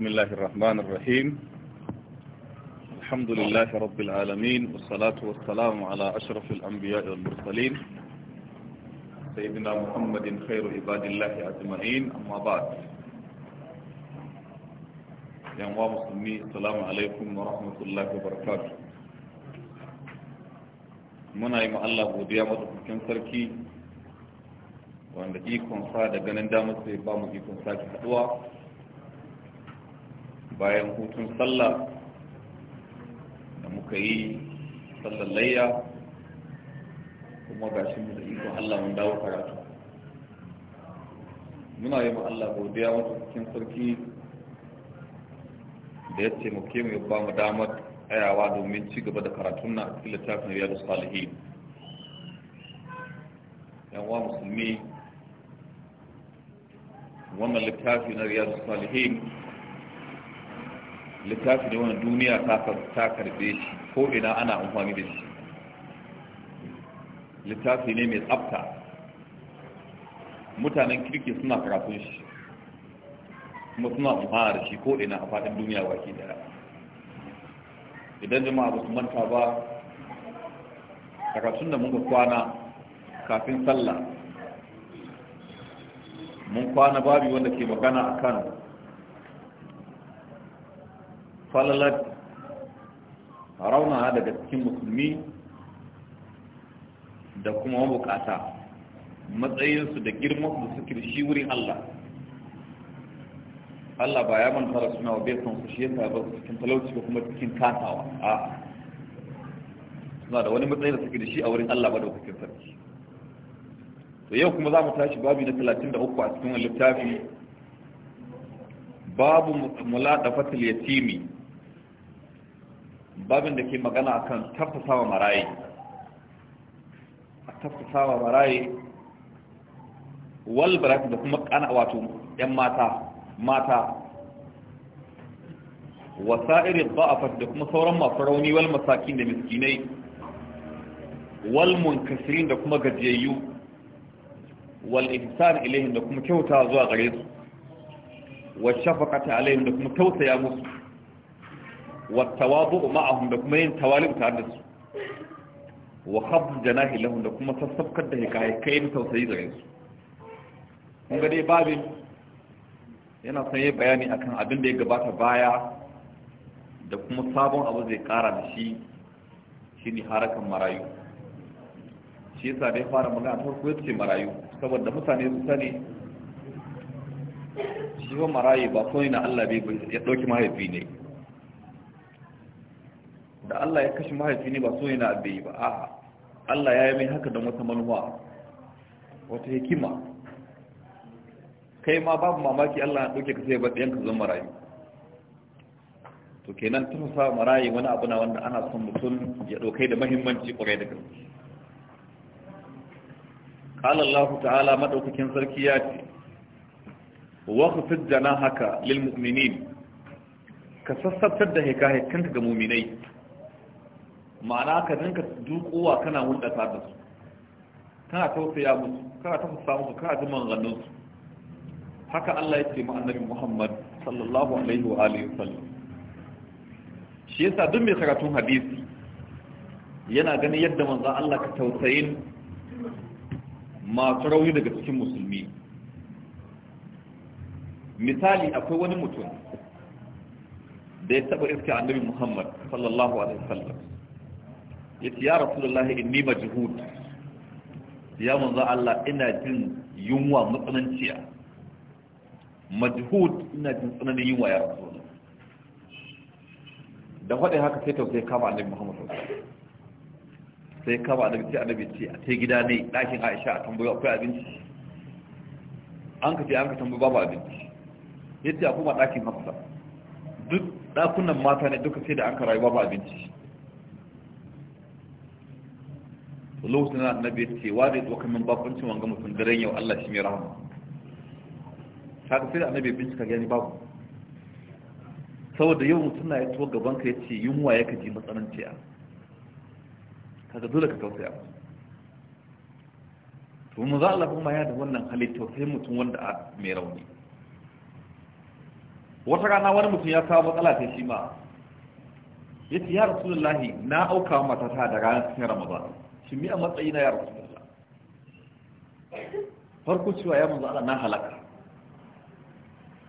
بسم الله الرحمن الرحيم الحمد لله رب العالمين والصلاة والسلام على أشرف الأنبياء والمرسلين سيدنا محمد خير عباد الله أجمعين أما بعد يا مسلمي السلام عليكم ورحمة الله وبركاته muna yi الله godiya madaukakin كنسركي wanda ikon sa da ganin damar sai ba bayan hutun sallah da muka yi sallar layya kuma ga shi mu da iko Allah mun dawo karatu muna yi ma Allah godiya wata cikin sarki da ya taimake mu ya ba mu damar tsayawa domin ci gaba da karatun na cikin littafin riyadu salihin yan wa musulmi wannan littafi na riyadu salihin littafi ne wani duniya ta karbe shi ko ina ana amfani da shi littafi ne mai tsafta mutanen kirki suna karatun shi kuma suna amfana da shi ko ina a faɗin duniya waki daya idan jama'a ba su manta ba karatun da muka kwana kafin sallah mun kwana babi wanda ke magana a kan falalar raunawa daga cikin musulmi da kuma mabukata matsayinsu da girman da suke da shi wurin Allah Allah ba ya manta da suna wa bai su shi yasa ba cikin talauci ko kuma cikin kasawa a suna da wani matsayi da suke da shi a wurin Allah ba da wasu sarki to yau kuma za mu tashi babi na 33 a cikin littafi babu muladafatul yatimi babin da ke magana akan tafasawa marayi a tafasawa marayi wal da kuma kana wato yan mata mata a dha'afat da kuma sauran masu rauni wal masakin da miskinai wal munkasirin da kuma gajiyayyu wal ihsan ilayhim da kuma kyauta zuwa gare su wa shafaqata alayhim da kuma tausaya musu والتواضع معهم لكم ين da تعدس وخفض جناح لهم لكم تصفق ده كاي tausayi da غير kun ga dai babin yana son yi bayani akan abin da ya gabata baya da kuma sabon abu zai kara da shi shine harakan marayu shi yasa ya fara magana ta farko ce marayu saboda mutane su sani shi wa marayu ba so ne na Allah bai ya ɗauki mahaifi ne da Allah ya kashe mahaifi ne ba so ne na yi ba a'a Allah ya yi mai haka don wata manuwa wata hikima kai ma babu mamaki Allah ya ɗauke ka sai ba ɗayan ka zama marayi to kenan tun sa marayi wani abu na wanda ana son mutum ya ɗaukai da mahimmanci ƙwarai da gaske قال الله ta'ala madaukakin sarki ya ce wa khafid janahaka lil mu'minin ka sassabtar da ga ma'ana ka ninka dukowa kana wundata da su kana tausaya musu kana tafasa musu kana ji manganin su haka Allah ya ce annabi Muhammad sallallahu alaihi wa alihi sallam shi yasa duk mai karatun hadisi yana ganin yadda manzon Allah ka tausayin masu rauni daga cikin musulmi misali akwai wani mutum da ya taba iska annabi Muhammad sallallahu alaihi wa wasallam yace ya rasulullahi inni majhud ya manzo Allah ina jin yunwa matsananciya majhud ina jin tsananin yunwa ya rasulullahi da faɗin haka sai tausayi kama annabi Muhammad sallallahu alaihi wasallam sai kama annabi sai annabi ce a tai gida ne dakin aisha a tambayi akwai abinci an ka ce an ka tambayi babu abinci ya ce a kuma hafsa duk dakunan mata ne duka sai da an ka rayu babu abinci lokacin da annabi ce wa zai tsoka min bakuncin wanga mutum daren yau Allah shi mai rahama kaga sai da annabi bincika gani babu saboda yau mutum na ya tuwa gaban ka ya ce, yunwa ya kaji matsananciya ga dole ka tausaya to mu za Allah kuma ya da wannan hali tausayin mutum wanda a mai rauni wata rana wani mutum ya kawo matsala ta shi ma yace ya rasulullahi na auka matata da ranar cikin ramadan shi mi a matsayi na ya rasulullah farko cewa ya manzo ala na halaka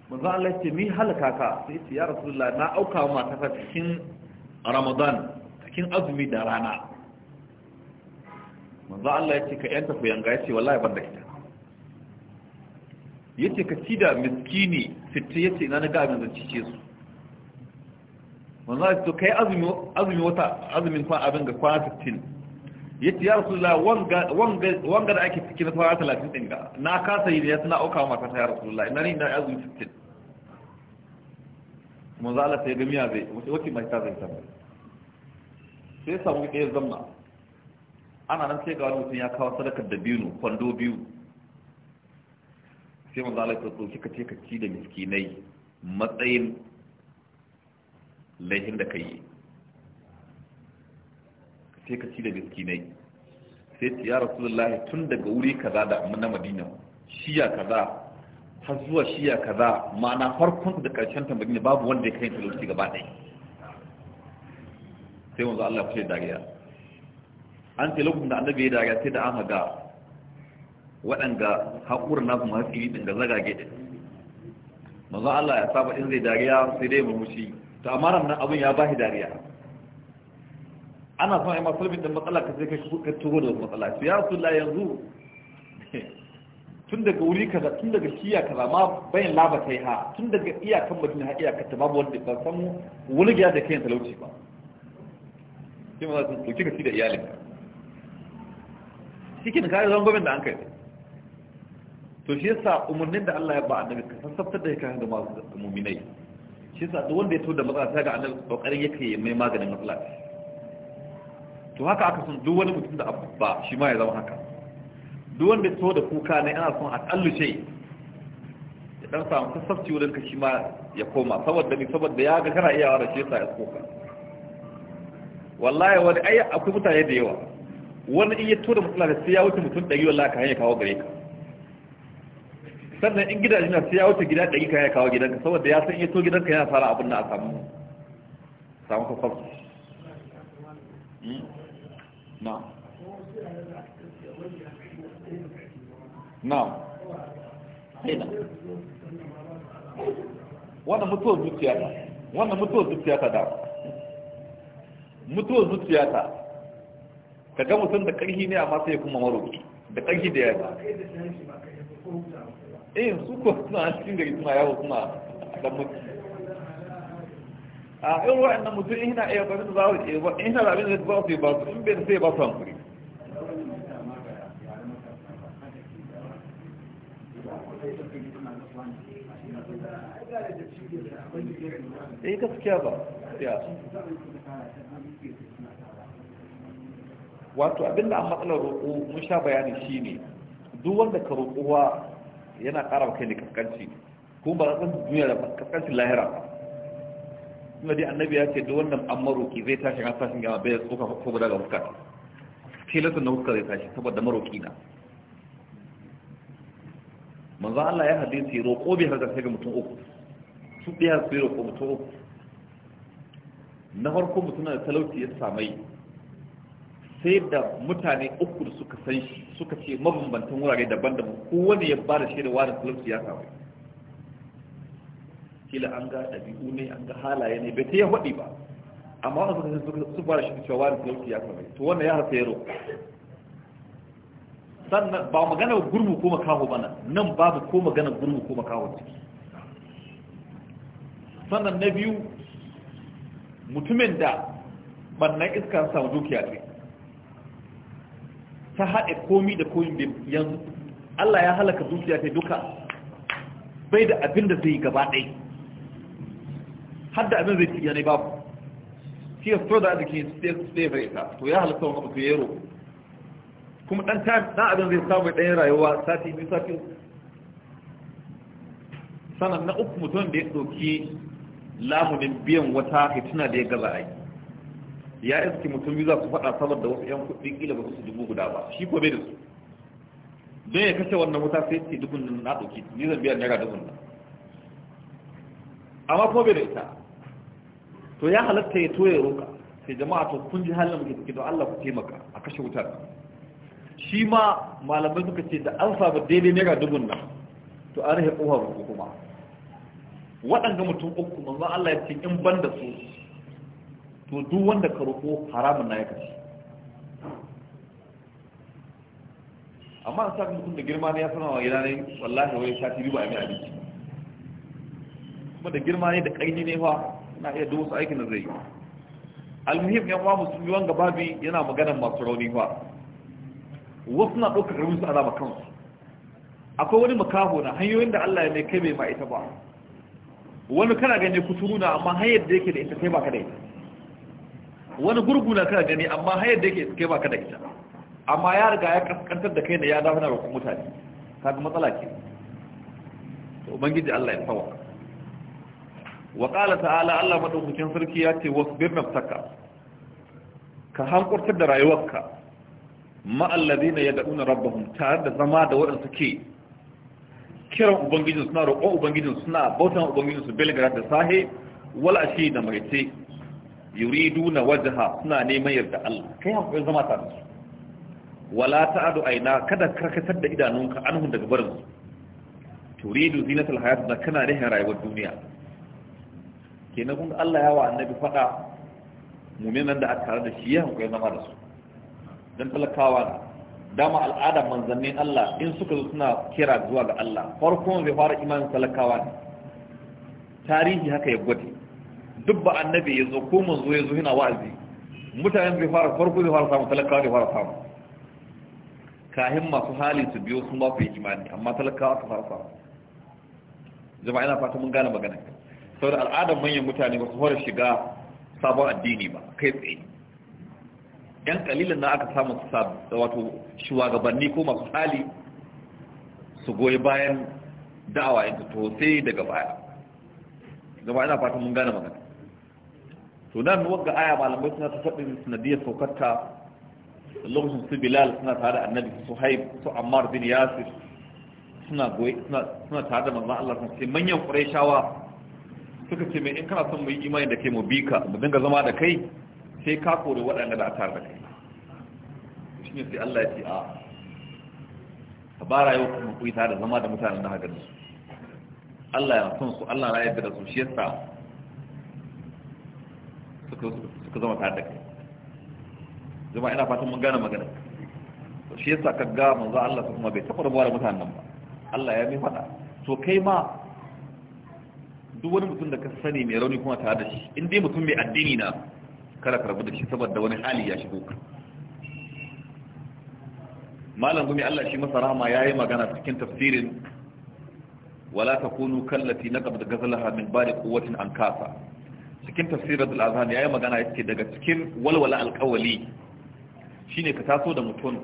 manzo Allah ce mi halaka ka sai ce ya rasu rasulullah na auka mata ta cikin ramadan cikin azumi da rana manzo Allah ya ce ka yanta ku yanga ya ce wallahi ban da ita Ya ce ka ci da miskini fitti ya ce na ga abin zan cice su manzo ya ce kai azumi azumi wata azumin kwan abin ga kwana 15 yace ya rasulullah wanga wanga wanga da ake ciki na fara 30 din ga na kasa yi da suna auka mata ta ya rasulullah ina ni na azumi 60 manzo Allah sai ga miya zai wace wace mai ta zai ta sai samu ke zamna ana nan sai ga wani mutum ya kawo sadakar da biyu kwando biyu sai manzo Allah ya kika ce ka ci da miskinai matsayin laihin da kai sai ka ci da miskinai sai ce ya lahi tun daga wuri kaza da na madina shiya kaza har zuwa shiya kaza ma'ana farkon da karshen ta madina babu wanda ya kai talauci gaba ɗaya sai wanzu Allah ya dariya an ce lokacin da annabi ya dariya sai da an haga waɗanda haƙurar nasu masu iri ɗin ga zagage ɗin manzo Allah ya saba in zai dariya sai dai murmushi to amma nan abin ya bashi dariya ana son ai masulmin da matsala ka sai ka ka turo da matsala to ya la yanzu tun daga wuri kaza tun daga shiya kaza ma bayan laba kai ha tun daga iyakan madina ha iyakan ta babu wanda ban san wani da kayan talauci ba shi ma zai dauki ka ci da iyalin cikin kare zan da an kai to shi yasa umarnin da Allah ya ba annabi ka sassafta da ya da masu mu'minai shi yasa duk wanda ya to da matsala ta ga annabi kokarin yake mai maganin matsala to haka aka son duk wani mutum da abu ba shi ma ya zama haka duk wanda so da kuka ne ana son a ce ya dan samu sassafci wurin ka shi ma ya koma saboda ni saboda ya ga kana iya iyawa da shi yasa ya koka wallahi wani ai akwai mutane da yawa wani in ya da matsala da sai ya wuce mutum ɗari wallahi ka hanya kawo gare ka sannan in gidaje na sai ya wuce gida ɗari ka hanya kawo gidanka saboda ya san ya to gidanka yana fara abin na a samu samu kwakwalwa na'am na'am ina wannan mutuwar zuciya ta wannan mutuwar zuciya ta da mutuwar zuciya ta ka ga mutum da ƙarfi ne amma sai kuma maro da ƙarfi da yawa eh su ko suna cikin gari suna yawo suna dan mutu ان وحنا مدري هنا اي بدل زاويه اي وحنا لابد نتبوط في بعض ان بين في بعض امر اي كيف يا واتو ابن اما قلنا رقو مشابه يعني شيني دو وندك رقوها ينا قرب كيني كفكانشي كون بغضان الدنيا لبقى كفكانشي لاهرة suna dai annabi ya ce duk wannan an maroki zai tashi a tashin gama bai tsoka ko guda ga fuska tilasun na fuska zai tashi saboda maroki na manzo Allah ya hadisi roƙo bai harka sai ga mutum uku su ɗaya su yi roƙo mutum uku na farko mutum da talauci ya samai sai da mutane uku da suka san shi suka ce mabambantan wurare daban-daban kowane ya ba da da wani talauci ya samai kila an ga ɗabi'u ne an ga halaye ne bai ta yi haɗi ba amma wani suka su fara shi cewa wani talauci ya kama to wannan ya hasa yaro sannan ba magana gurmu ko makaho bana nan babu ko magana gurmu ko makaho ciki sannan na biyu mutumin da bannan iska samu dukiya ne ta haɗe komi da komi yanzu Allah ya halaka dukiya ta duka bai da abin da zai gaba ɗaya hadda abin zai ci ne babu shi ya fito da arzikin sai bai ta to ya halatta wani mutum ya roƙo kuma ɗan abin zai samu ɗayan rayuwa sati biyu sati sanan na uku mutum da ya ɗauki lamunin biyan wata hituna da ya gaza a ya iske mutum yi za su faɗa saboda wasu 'yan kuɗi ƙila ba su dubu guda ba shi ko bai da su don ya kashe wannan wuta sai ce dubun na ɗauki ni zan biya naira dubun nan amma ko bai da ita to ya halatta ya toye roƙa sai jama'a to kun ji halin muke ciki don Allah ku taimaka a kashe wutar shi ma malamai suka ce da an samu daidai mega dubun nan to an rahe ƙofa ruku kuma waɗanda mutum uku manzo Allah ya ce in ban da su to duk wanda ka roƙo haramun na ya kashe amma an saka mutum da girma ne ya sanar wa gida ne wallahi wai shafi biyu ba a yi abinci kuma da girma ne da ƙaini ne fa na iya duk wasu aikin da zai yi almuhim yan wa musulmi wanga babi yana maganan masu rauni ba wasu na ɗaukar rauni su alama kansu akwai wani makaho na hanyoyin da Allah ya mai kai bai ma ita ba wani kana gani kuturu na amma hanyar da yake da ita kai ba ka da ita wani gurgu na kana gani amma hanyar da yake kai ba ka da ita amma ya riga ya kaskantar da kai na ya dafa na roƙon mutane kaga matsala ke to ubangiji Allah ya tsawa wa ƙala ta'ala Allah maɗaukacin sarki ya ce wasu birnin saka ka hankurtar da rayuwarka ma'allazi na ya da'una rabbahun tare da zama da waɗansu ke kiran ubangijin suna roƙon ubangijin suna bautan ubangijin su belgara da sahe wala shi da maice yuridu na wajaha suna neman yarda Allah kai hankali zama tare su wala ta'adu aina kada karkatar da idanunka anhun daga barin su turidu zinatul hayat da kana rihin rayuwar duniya na kuma Allah yawa annabi faɗa muminan da aka tare da shi ya hankali zama da su don talakawa dama al'ada manzannin Allah in suka zo suna kira zuwa ga Allah farkon zai fara imanin talakawa ne tarihi haka ya gwade duk ba annabi ya zo ko manzo ya zo yana wa'azi mutanen zai fara farko zai fara samu talakawa zai fara samu kahin masu hali su biyo sun ba su yi imani amma talakawa su fara samu jama'a ina fata mun gane magana saboda al'adar manyan mutane ba su fara shiga sabon addini ba kai tsaye yan kalilin na aka samu su wato shugabanni ko masu hali su goyi bayan da'awa yanzu to sai daga baya gaba ina fatan mun gane magana to nan wanga aya malamai suna ta faɗin sanadiyar saukarta lokacin su bilal suna tare da annabi su haib su ammar bin yasir suna goyi suna tare da manzan Allah sai manyan shawa suka ce mai in kana son mu yi imani da kai mu bi ka mu dinga zama da kai sai ka kore waɗanda da tare da kai shi ne sai Allah ya ce a ka ba rayuwa kuma ku da zama da mutanen da haka ne su Allah ya son su Allah ya yarda da su shi yasa suka suka zama tare da kai zama ina fatan mun gane magana to shi yasa ka ga manzo Allah kuma bai taɓa rabuwa da mutanen ba Allah ya mai faɗa to kai ma duk wani mutum da ka sani mai rauni kuma tare da shi in dai mutum mai addini na kada ka rabu da shi saboda wani hali ya shigo ka malam gumi Allah shi masa rahama yayi magana cikin tafsirin wala takunu kallati naqad gazalaha min bari quwwatin an kafa cikin da azhan yayi magana yake daga cikin walwala alqawli shine ka taso da mutum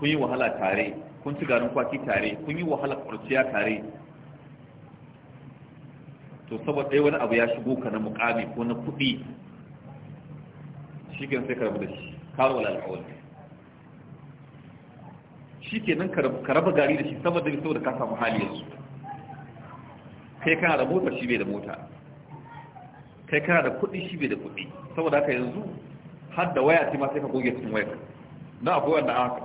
kun yi wahala tare kun ci garin kwaki tare kun yi wahala kurciya tare to saboda ɗaya wani abu ya shigo ka na mukami ko na kuɗi shi sai ka rabu da shi kawo al'awar shi ke nan ka raba gari da shi saboda bai saboda ka samu hali yanzu kai kana da mota shi bai da mota kai kana da kuɗi shi bai da kuɗi saboda haka yanzu har da waya ce ma sai ka goge cikin wayar na akwai wanda aka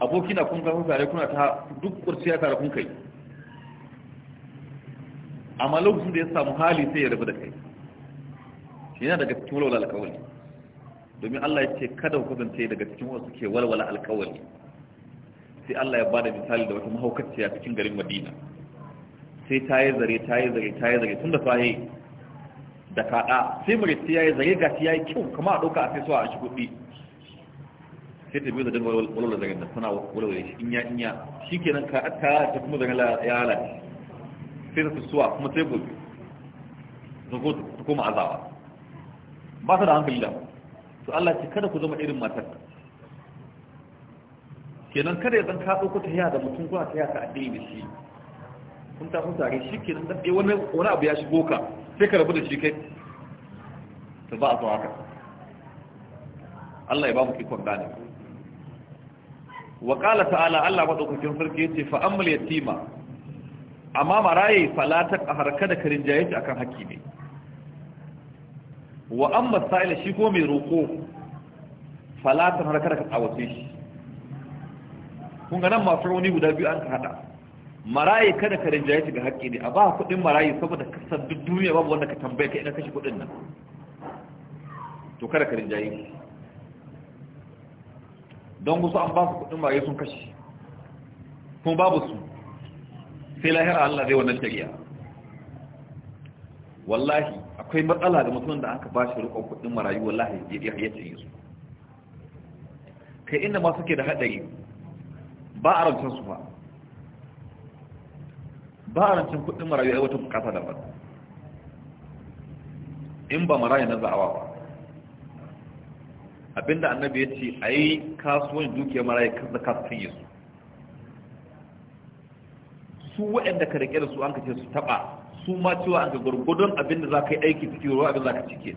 aboki na kun kasu tare kuna ta duk kurciya tare kun kai amma lokacin da ya samu hali sai ya rabu da kai shi yana daga cikin walwala alkawali domin Allah ya ce kada ku kasance daga cikin wasu ke walwala alkawali sai Allah ya bada misali da wata mahaukaciya cikin garin Madina sai ta yi zare ta yi zare ta yi zare tun da fahe da kaɗa sai maritai ya yi zare ga ya yi kyau kama a ɗauka a sai so a shi kuɗi sai ta biyo da dan walwala zaren da sana walwala shi inya inya shi shikenan ka ta kuma zaren ya lalace sai da suwa kuma sai gobe zuko ta koma azawa ba su da hankali da to Allah ce kada ku zama irin matar kenan kada ya zan ka ɗauko ta yaya da mutum kuna ta yaya ka addini da shi kun ta kun tare shi kenan dan dai wani wani abu ya shigo ka sai ka rabu da shi kai to ba a so haka Allah ya ba mu kikon gane wa qala ta'ala Allah madaukakin sarki yace fa ammal yatima amma maraye falata harka da karin jayaci akan haƙƙi ne wa an masa'ila shi ko mai roƙo falatan harka da tsawace shi kun ganin masu rauni guda biyu an ka haɗa maraye kada karin jayaci ga haƙƙi ne a ba kuɗin maraye saboda kasar duk duniya babu wanda ka tambaye ka ina kashe kuɗin nan to kada karin jayaci don wasu an ba su kuɗin maraye sun kashe kuma babu su sai lahira Allah zai wannan shari'a wallahi akwai matsala da mutum da aka ba shi rikon kudin marayu wallahi ya ce su kai inda ma suke da haɗari ba a rancen su ba ba a rancen kudin marayu ai wata bukata daban in ba marayu na za'awa ba abinda annabi ya ce a yi kasuwanci dukiyar marayu kan kasa sun yi su su waɗanda ka rike da su an ka ce su taɓa su ma cewa an ka gwargwadon abin da za ka yi aiki cikin ruwa abin za ka cike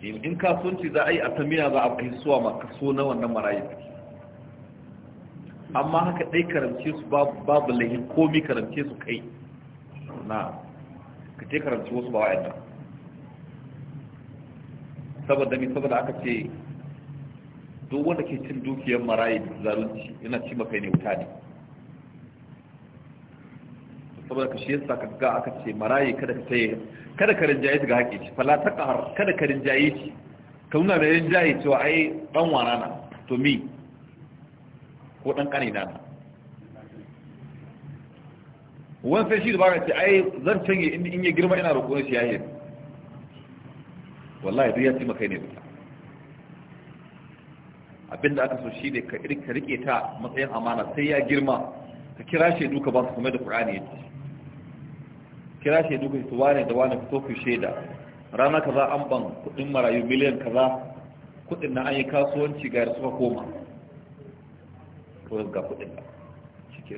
in kasuwanci za a yi a tamiya za a kai suwa ma kaso na wannan marayu amma haka ɗai karamce su babu lahin komi karamce su kai na ka ce karamce wasu ba yadda saboda mi saboda aka ce duk wanda ke cin dukiyar da zalunci yana ci makai ne wuta ne saboda ka shi yasa ka ga aka ce marayi kada ka taye kada ka rinjaye shi ga haƙe shi fala ta ƙahar kada ka rinjaye shi ka nuna da rinjaye cewa ai ɗan wana na to mi ko ɗan ƙani na na wani sai shi da baka ce ai zan canye in ya girma ina roƙon shi ya wallahi duk ya ci makai ne duka abinda aka so shi ne ka rike ta matsayin amana sai ya girma ka kira shaidu ka ba su kuma da ƙur'ani ce kira shaidu ku su wane da wane fito ku shaida rana kaza an ban kudin marayu miliyan kaza kudin na an yi kasuwanci ga suka koma ga kudin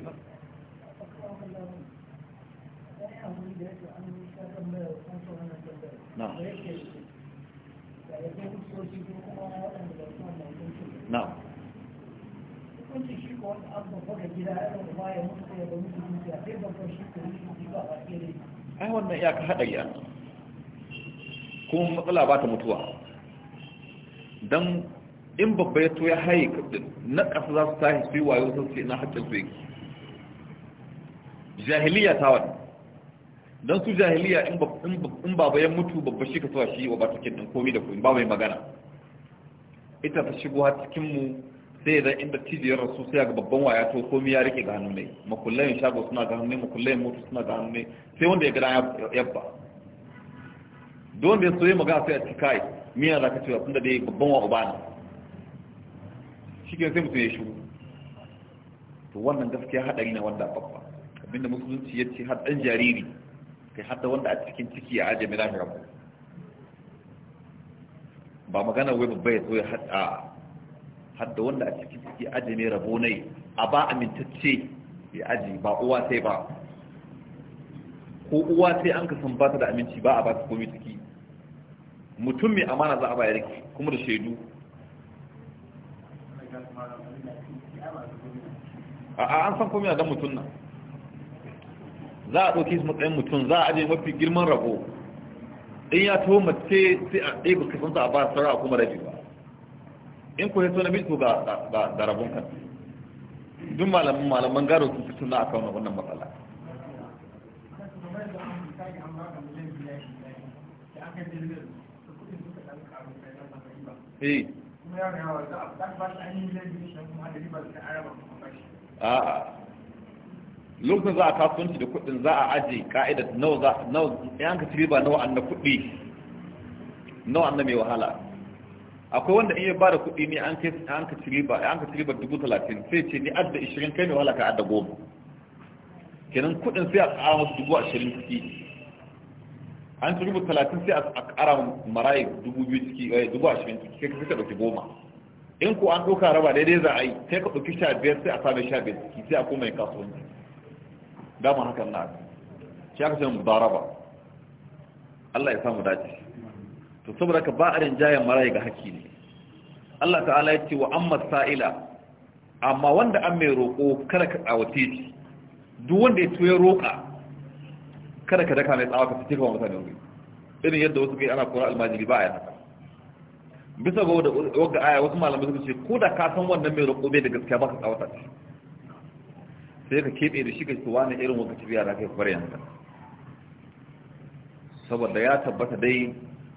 ba na na shi ko gida ya ba ya mutu ya ba mutu ya shi ko shi ba a ai wannan ya ka haɗa a kuma matsala ba ta mutuwa don in babba ya to ya haye na ƙasa za su tashi su yi wayo sun su na haƙƙin su jahiliya ta wani don su jahiliya in babba ya mutu babba shi ka tuwa shi wa ba ta kenan komi da komi ba mai magana ita ta shigo har cikinmu sai idan inda cibiyar rasu sai ga babban waya to komai ya rike ga mai ne makullayin shago suna ga mai ne makullayin suna ga mai ne sai wanda ya gada yabba don da ya magana sai a tikai miyan ya zaka cewa tunda dai babban wa uba ne shi sai mutum ya shi to wannan gaskiya haɗari ne wanda babba abinda musulunci ya ce har dan jariri kai hadda wanda a cikin ciki ya ajiye mai lahirar ba magana wai babba ya so ya haɗa hadda wanda a cikin ciki aji mai rabo nai a ba amintacce ya aji ba uwa sai ba ko uwa sai an kasan ba ta da aminci ba a ba ta komi ciki mutum mai amana za a bayar ki kuma da shaidu a an san komi na dan mutum nan. za a ɗauki su matsayin mutum za a ajiye mafi girman rabo in ya taho mace sai a ɗaya ba kasansa a ba saura a kuma rabi ba in ku yato na milku ga rabon kan duk malamin malaman garo su fito na akan wannan matsala eh. a'a lokacin za a kasuwanci da kudin za a aje ka'idar nawa za nawa yanka riba nawa an na kudi nawa an na mai wahala akwai wanda iya ba da kuɗi ne an ka ciriba an ka dubu talatin sai ce ni adda ishirin kai ne wala ka adda goma kenan kuɗin sai a ƙara masu dubu ashirin ciki an ciriba talatin sai a ƙara marayi dubu biyu ciki ɗaya eh, dubu ashirin ciki sai ka ɗauki goma in ko an ɗauka raba daidai za a yi sai ka ɗauki sha biyar sai a sami sha biyar ciki sai a koma yin kasuwanci dama hakan na shi aka ce mu ba raba Allah ya samu dace to saboda ka ba a rinjayen marayi ga haƙƙi ne Allah ta'ala ya ce wa amma sa'ila amma wanda an mai roƙo kada ka tsawace shi duk wanda ya tuwe roƙa kada ka daka mai tsawaka ka fice kawai mutane wuri irin yadda wasu kai ana kora almajiri ba a yi haka bisa ga wadda aya wasu malamai suka ce ko da ka san wannan mai roƙo bai da gaskiya ba ka tsawata shi sai ka keɓe da shi ka ce wani irin wakati biya da kai kware yanzu saboda ya tabbata dai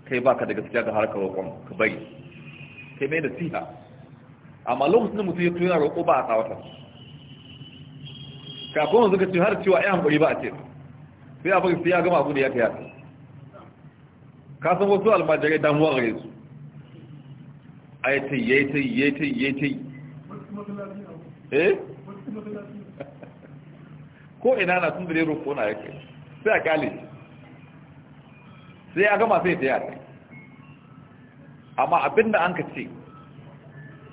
kai baka da gaskiya ga harkar roƙon ka bari kai mai nasiha amma lokacin da mutum ya tuna roƙo ba a tsawata kafin wanzu ka ce har cewa ya hankali ba a ce sai a sai ya gama abu da ya kai yasa ka san wasu almajirai damuwa gare su a yi tai yai tai yai tai yai eh? tai ko ina na sun da ya roƙo na ya kai sai a kyale sai ya gama sai ya tayar amma abinda an ka ce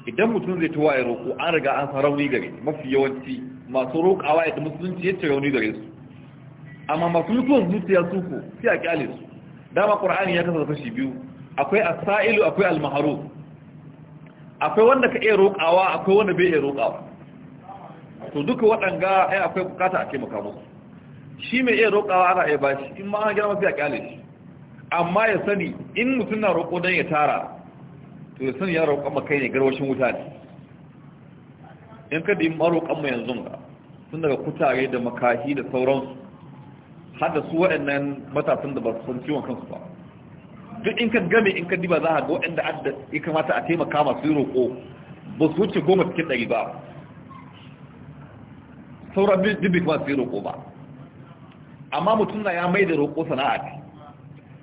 idan mutum zai tuwa ya roƙo an riga an san rauni gare mafi yawanci masu roƙawa ya musulunci ya ce rauni gare su amma masu mutuwan zuciya su ko sai a kyale su dama qur'ani ya kasa fashi biyu akwai Asa'ilu, sailu akwai al akwai wanda ka iya roƙawa akwai wanda bai iya roƙawa to duka waɗanga ai akwai bukata a taimaka musu shi mai iya roƙawa ana iya bashi in ma an gina mafi a kyale shi amma ya sani in mutum na roƙo don ya tara to ya sani ya roƙon makai ne garwashin wuta ne in ka di maroƙon mu yanzu ga sun daga kutare da makahi da sauransu har da su waɗannan matasan da ba su san ciwon kansu ba duk in ka game in ka diba za a ga waɗanda adda ya kamata a taimaka masu roƙo ba su wuce goma cikin ɗari ba sauran dubbi kuma su yi roƙo ba amma mutum na ya mai da roƙo sana'a ce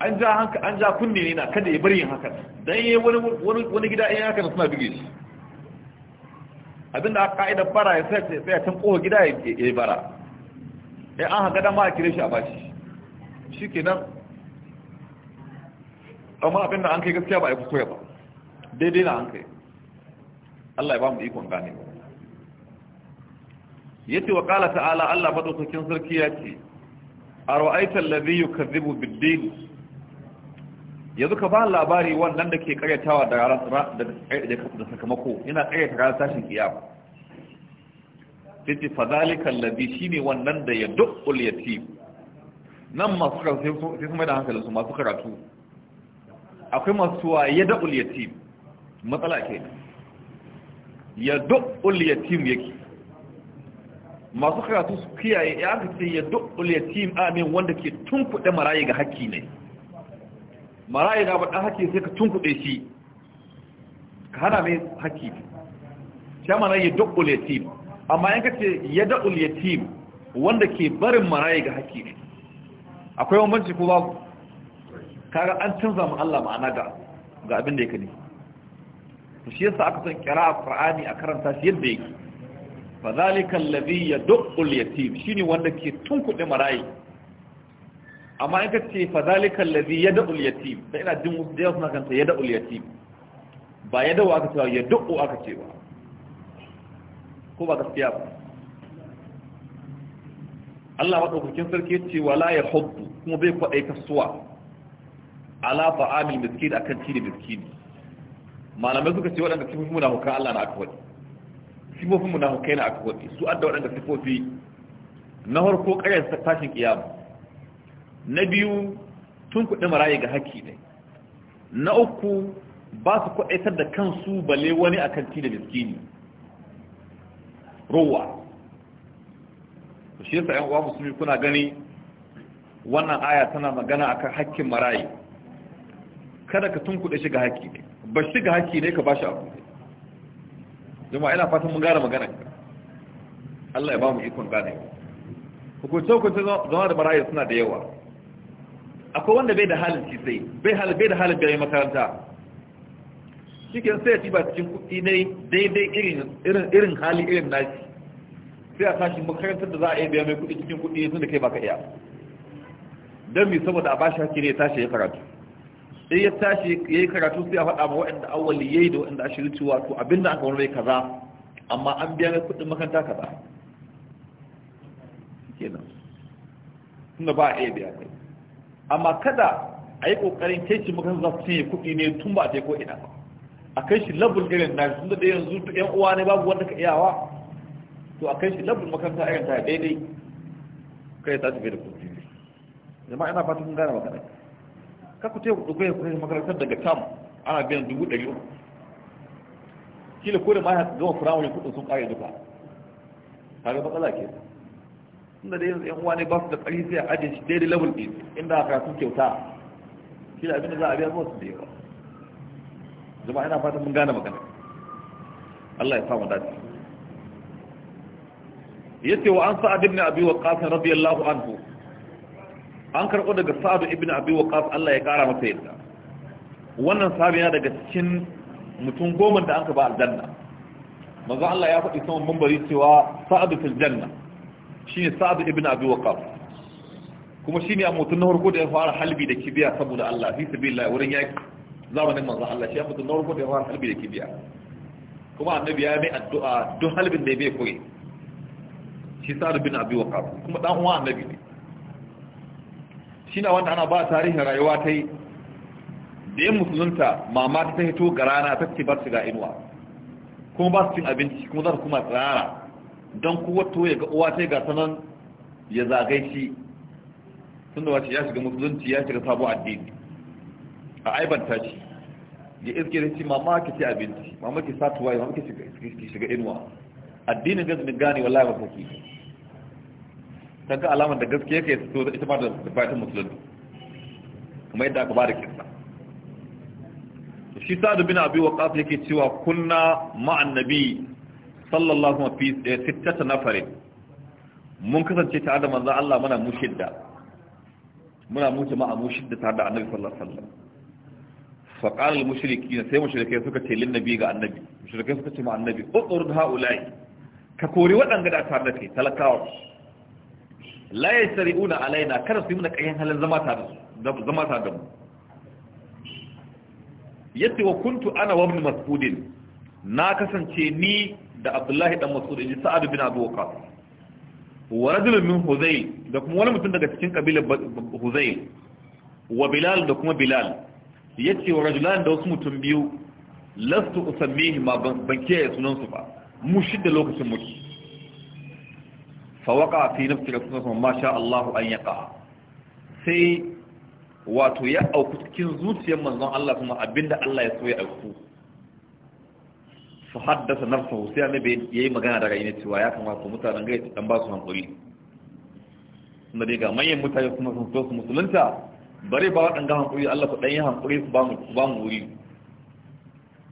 an ja hanka an ja kunne ne na kada ya bari yin haka dan yayi wani wani gida in haka suna bige shi abinda aka kaida bara ya sai sai tan kowa gida ya yi bara eh an haka dan ma kire shi a bashi shikenan amma abinda an kai gaskiya ba a kuskure ba daidai na an kai Allah ya ba mu ikon gane yace wa qala ta'ala Allah madaukakin sarki yace aita allazi yukazzibu bid-din yanzu ka ba labari wannan da ke karyatawa da da sakamako yana karyata ranar tashin kiyama titi fadalikan labi shi ne wannan da ya duk ulyati nan masu karatu sai su mai da hankalinsu masu karatu akwai masu wa ya duk ulyati matsala ke ya da'ul ulyati yake masu karatu su kiyaye ya aka ce ya da'ul ulyati amin wanda ke tun tunkuɗe marayi ga haƙƙi ne marayi na baɗa haƙƙi sai ka tunkuɗe shi ka hana mai haƙƙi shi mana ya daɓul yatim amma yanka ce ya daɓul yatim wanda ke barin marayi ga haƙƙi ne akwai bambanci ko babu kaga an canza mu Allah ma'ana ga abin da ya kani to shi yasa aka san a qur'ani a karanta shi yadda yake fa zalika ya yadqul yatim shine wanda ke tunkuɗe marayi amma in ka ce fa zalika allazi yad'ul yatim sai ina jin wasu da suna kanta yad'ul yatim ba yad'u aka ce yad'u aka ce ba ko ba gaskiya ba Allah madaukakin sarki ce wala ya hubbu kuma bai kwadai kasuwa ala ta'amil miskin akan ci da miskini malamai suka ce waɗanda sifofin munafukan Allah na aka wadi sifofin hukai na aka wadi su adda waɗanda sifofi na ko ƙaryar tashin kiyama na biyu tun kuɗi marayi ga haƙƙi ne na uku ba su kwaɗaitar da kansu bale wani a kan da miskini ruwa to shi yasa 'yan uwa musulmi kuna gani wannan aya tana magana akan haƙƙin marayi kada ka tun shi ga haƙƙi ne ba shi ga haƙƙi ne ka ba shi abu jama'a ina fatan mun gane magana Allah ya ba mu ikon gane hukunce hukunce zama da marayi suna da yawa akwai wanda bai da halin ci sai bai hal bai da halin gare makaranta cikin sai ya ci ba cikin kuɗi ne daidai irin irin irin hali irin nashi sai a tashi makarantar da za a iya biya mai kuɗi cikin kuɗi tun da kai baka iya don mi saboda a bashi hakki ne ya tashi ya karatu in ya tashi ya yi karatu sai a faɗa ma waɗanda awali ya yi da waɗanda ashiri cewa to abinda aka wani mai kaza amma an biya mai kuɗin makaranta kaza kenan tunda ba a iya biya kai amma kada a yi ƙoƙarin kai shi mukan za su kuɗi ne tun ba a ko ina a kai shi labul irin na sun da yanzu ta yan uwa ne babu wanda ka iyawa to a kai shi labul makaranta irin ta daidai kai ta tafi da kuɗi ne jama'a ina fatan kun gane magana ka ku teku ɗauko ya kuɗin makarantar daga tam ana biyan dubu ɗari uku kila ko da ma ya gama firamare kuɗin sun ƙare duka kaga matsala ke inda da yanzu yan uwa ba su da tsari sai a ajiye shi daidai level ɗin inda a karatun kyauta shi da abinda za a biya zuwa su da yawa zama ina fatan mun gane magana Allah ya samu dace yace wa an sa'ad ibn abi waqqas radiyallahu anhu an karɓo daga sa'ad ibn abi waqqas Allah ya kara masa yadda wannan sahabi yana daga cikin mutum goma da an ka ba aljanna manzo Allah ya faɗi sama mambari cewa sa'ad fil janna ne sa'ad ibn abu waqas kuma ne a mutum na harko da ya fara halbi da kibiya saboda Allah fi sabilillah wurin yaki zamanin manzan Allah shi ya mutum na harko da ya fara halbi da kibiya kuma annabi ya mai addu'a duk halbin da ya bai koyi shi Sadu ibn abu waqas kuma dan uwa annabi ne Shi na wanda ana ba tarihin rayuwa ta yi da yin musulunta mama ta hito ga rana ta ce ba su ga inuwa kuma ba su cin abinci kuma za su kuma tsirara don kuwa to ya ga uwa sai ga sanan ya zagai shi tun da wace ya shiga musulunci ya shiga sabo addini a aibanta shi ya iske da shi mama ki ci abinci mama ki satuwa mama ki shiga inuwa addinin gazmin gane wallahi ba saki ta ga alamar da gaske yake su so ita ba da bayan musulunci kuma yadda aka ba da kisa shi sa'adu bin abi waqas yake cewa kunna ma'an nabi sallallahu fi eh, sittata nafarin mun kasance tare da manzo Allah muna mu shidda muna mu jama'a mu shidda tare da annabi sallallahu alaihi wasallam fa qala al sai mushrikai suka ce lin ga annabi mushrikai suka ce ma annabi uqrud haula'i ka kori waɗanda da tare da kai talakawa shari'u na alaina kada su yi mana kayan halin zama tare da zama mu yace wa kuntu ana wa ibn mas'udin na kasance ni da abdullahi dan mas'ud inji sa'ad bin abu waqas wa rajulun min huzayl da kuma wani mutum daga cikin kabilar huzayl wa bilal da kuma bilal yace wa rajulan da wasu mutum biyu lastu usammihi ma ban kiyaye sunan su ba mu shidda lokacin mutu fa waqa fi nafsi rasulullah ma sha Allah an yaqa sai wato ya auku cikin zuciyar manzon Allah kuma abinda Allah ya so ya auku fa haddasa nafsahu sai annabi yayi magana daga ina cewa ya kamata mutanen gai dan ba su hankuri kuma dai ga manyan mutane kuma sun so su musulunta bare ba waɗanda hankuri Allah ku dan yi hankuri ku ba mu ba mu wuri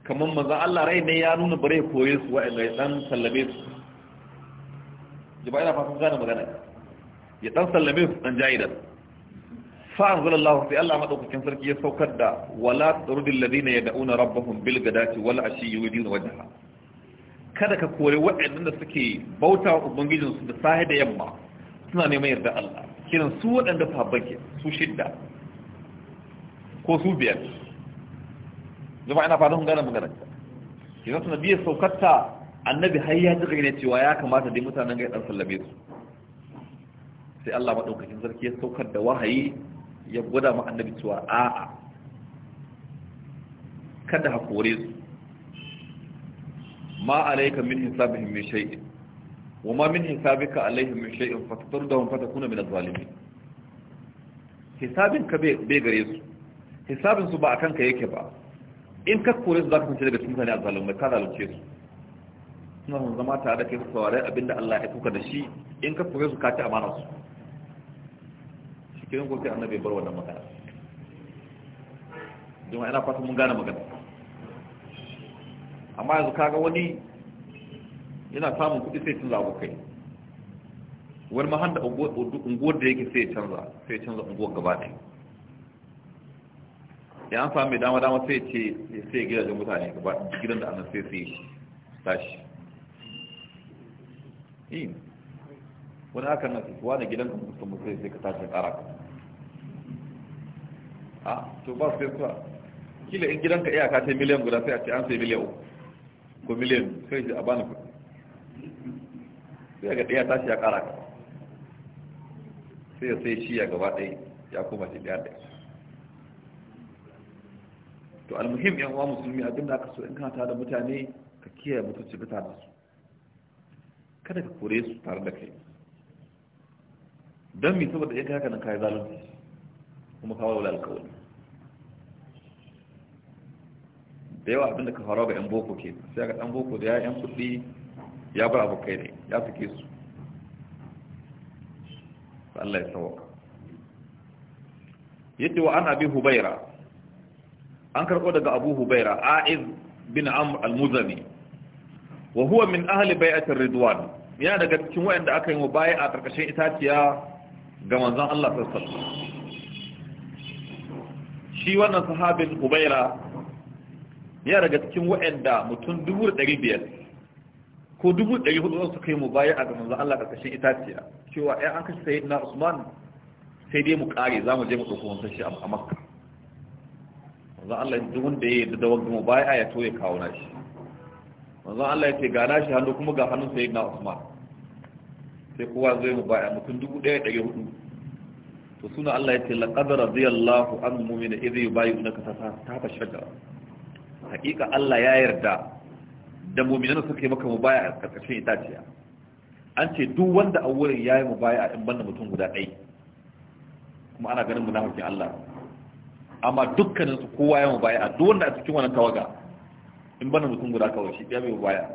kamar manzo Allah rai ne ya nuna bare koyi su rai dan sallame su ba ina fatan gane magana ya dan sallame su dan jayidan sai فأنزل الله في الله مدوك كنسر كي يسوكد ولا ترد الذين يدعون ربهم بالغداة ولا أشي يريدون وجهها kada ka kore waɗannan da suke bauta ubangijinsu da sahi da yamma suna neman yarda Allah kiran su waɗanda sahabbai ke su shidda ko su biyar zama ina fadon gane magana kiran suna saukar ta annabi har ya ji gane cewa ya kamata dai mutanen ga ɗan sallame su sai Allah maɗaukakin sarki ya saukar da wahayi ya gwada ma annabi cewa a'a kada hakore su ma alayka min hisabihim min shay'in wa ma min hisabika alaihim min shay'in fatardahum fatakuna min adh-dhalimin hisabin ka bai gare su hisabin su ba akan ka yake ba in ka kore su za ka kunce daga cikin mutane mai, ka zalunce su suna zama tare da kai su saurari abinda Allah ya kuka da shi in ka kore su ka ci amana su ko sai annabi bar wannan magana jama'a ina fata mun gane magana amma yanzu kaga wani yana samun kuɗi sai canza abokai wani ma handa unguwar da yake sai canza sai canza unguwar gaba ne ya an samu dama dama sai ce sai gidajen mutane gaba gidan da annan sai sai tashi yi wani haka nan sai wani gidan kan kusa mutum sai ka tashi ƙara a to ba sai suwa kila in gidanka iyaka ta miliyan guda sai a ce an sai miliyan ko miliyan sai ji a bani kuɗi sai ga ɗaya tashi ya ƙara ka sai ya sai shi ya gaba ɗaya ya koma shi ɗaya ɗaya to almuhim yan uwa musulmi abin da aka so in kana da mutane ka kiyaye mutunci da su kada ka kore su tare da kai don me saboda ya kai haka nan kai zalunci kuma kawo wula alkawali da yawa abinda ka faruwa ga 'yan boko ke sai ga ɗan boko da ya yi 'yan kuɗi ya bar abokai ne ya suke su Allah ya sauka yadda wa an abi hubaira an karko daga abu hubaira a'iz bin amr al-muzani wa huwa min ahli bai'atir ridwan yana daga cikin wayanda aka yi mu a karkashin itaciya ga manzon Allah sallallahu shi wannan sahabin hubaira ya daga cikin wa'anda mutum dubu da biyar ko dubu da 400 suka kai mu bayar a gaban Allah ƙarƙashin itaciya cewa ai an kashe sayyidina Usman sai dai mu kare za mu je mu dauko wannan shi a Makka manzo Allah duk wanda ya yi da wannan mu bayar ya to ya kawo nashi manzo Allah ya ce ga nashi hannu kuma ga hannun sayyidina Usman sai kowa zai mu baya mutum dubu da 1400 to suna Allah ya ce laqad radiyallahu anil mu'mina idh yubayyi'unaka tahta shajara hakika Allah ya yarda da mu'minan suka yi maka mubaya a karkashin itaciya an ce duk wanda a wurin yayi mubaya in banda mutum guda ɗaya kuma ana ganin munafikin Allah amma dukkanin su kowa ya mubaya duk wanda a cikin wannan tawaga in banda mutum guda kawai shi ya mai mubaya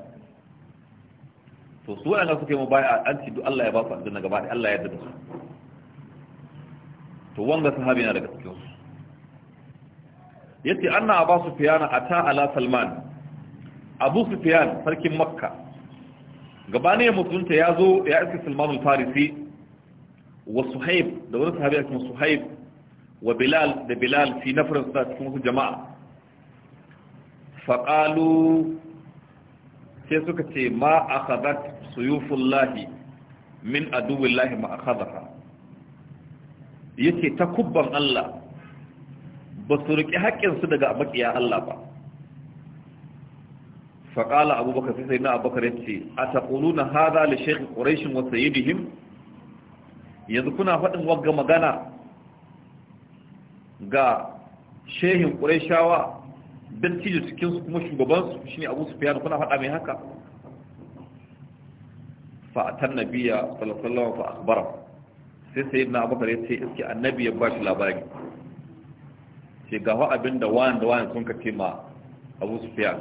to su wanda suka yi mubaya an ce duk Allah ya ba su aljanna gaba Allah ya yarda da su to wanga sahabi na daga cikin su yace anna abu sufyan ata ala salman abu sufyan sarkin makka ya mutunta zo ya iska salman al-farisi wa suhaib da wani sahabi kuma suhaib wa bilal da bilal fi na sa cikin wasu jama'a Faƙalu sai suka ce ma akhadat suyufullahi min aduwillahi ma akhadaha yake ta kubban Allah ba su riƙe haƙƙinsu daga maƙiya Allah ba faƙala abubakar sai sai na abubakar ya ce a taƙulu na haza da shekin ƙorashin wasu yi bihim yanzu kuna faɗin wagga magana ga shehin ƙorashawa dattijo cikinsu kuma shugabansu shi ne abu su fiya kuna faɗa mai haka fa'atan nabiya sallallahu alaihi wa sai sai na abubakar ya ce iske annabi ya ba shi labari ce gawa abin da wani da wani sun ka ce ma abu su fiya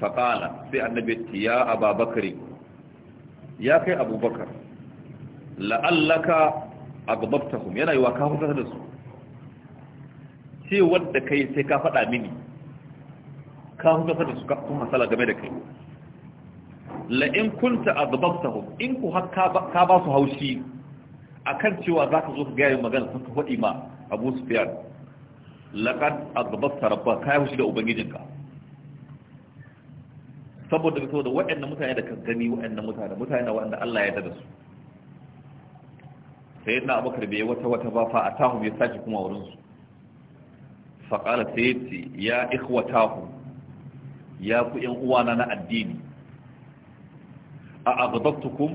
faƙala sai annabi ce ya ababakari ya kai abubakar la'allaka kuma yana yi wa kafa da su ce wadda kai sai ka faɗa mini kafa hutar da su kuma masala game da kai la'in kunta a gabatahun in ku ka ba su haushi a kan cewa za ka zo ka gaya magana sun ka faɗi ma abu su fiyar laƙar a gabata rabba ka yi haushi da ubangijinka saboda ka da waɗannan mutane da ka gani waɗannan mutane mutane waɗanda Allah ya dada su sai na abokar bai wata wata ba fa a tahu bai sashi kuma wurinsu faƙala sai ya ce ya ikhwatahu ya ku ƴan uwana na addini a abadaktukum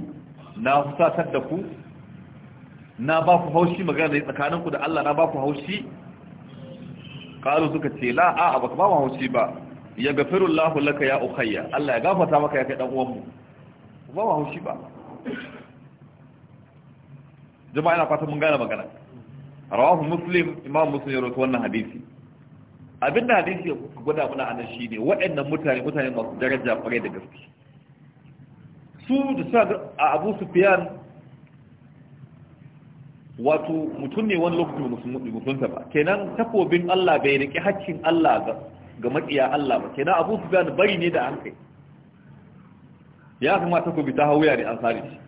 na fusatar da ku na ba ku haushi magana da tsakaninku da Allah na ba ku haushi qalu suka ce la a ba ku ba mu haushi ba ya gafirullahu laka ya ukhayya Allah ya gafata maka ya kai dan uwanmu ba mu haushi ba jama'a ina fata mun gane magana rawahu muslim imam muslim ya rawaito wannan hadisi abinda hadisi ya gwada mana anan shine waɗannan mutane mutane masu daraja kwarai da gaske su da suna a abu su sufiyan wato mutum ne wani lokacin musulunta ba kenan takobin Allah bai riƙe haƙƙin Allah ga maƙiya Allah ba kenan abu su sufiyan bari ne da an kai ya kuma takobi ta hauya ne an sare shi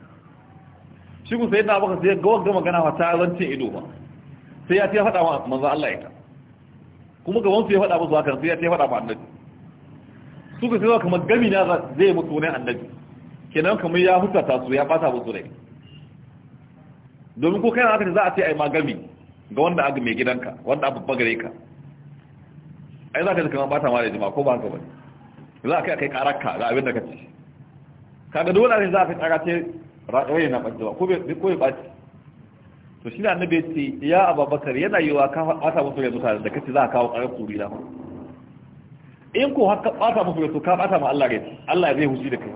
shi kun sai na baka sai ga wanda magana fa ta zance ido ba sai ya ta faɗa manzo Allah ita kuma gaban su ya faɗa musu haka sai ya ta faɗa ma annabi su ka sai kamar gami na zai mutu ne annabi kenan kamar ya hutata su ya fata musu rai domin ko kai haka za a ce ai magami ga wanda aga mai gidanka wanda abu bagare ka ai za ka kamar bata ma da jima ko ba haka bane za ka kai karaka ga abin da ka ci kaga dole ne za ka tsaka ce ra'ayi na bata ko bai ko bai to shi da annabi ce ya ababakar yana yiwa ka fata musu rai mutane da kace za ka kawo karar kuri na in ko haka fata musu rai to ka fata ma Allah rai Allah zai hushi da kai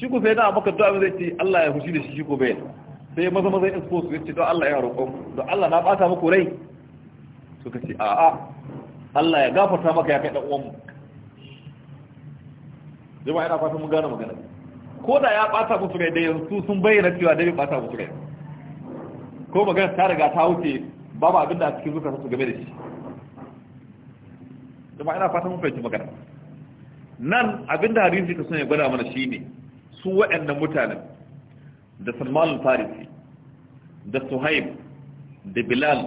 shi ku sai na maka du'a zai ce Allah ya fushi da shi shi ko bai sai maza maza ya su yace ce don Allah ya roƙo don Allah na ɓata muku rai suka ce a'a Allah ya gafarta maka ya kai mu dai ba yana fatan mun gane magana ko da ya ɓata musu rai da yanzu sun bayyana cewa dai bata ɓata musu rai ko magana ta riga ta wuce babu ba abinda a cikin zuka su game da shi ba yana fatan mun fahimci magana nan abinda hadisi ka son ya gwada mana shine su waɗannan mutanen da salman farisi da suhaib da bilal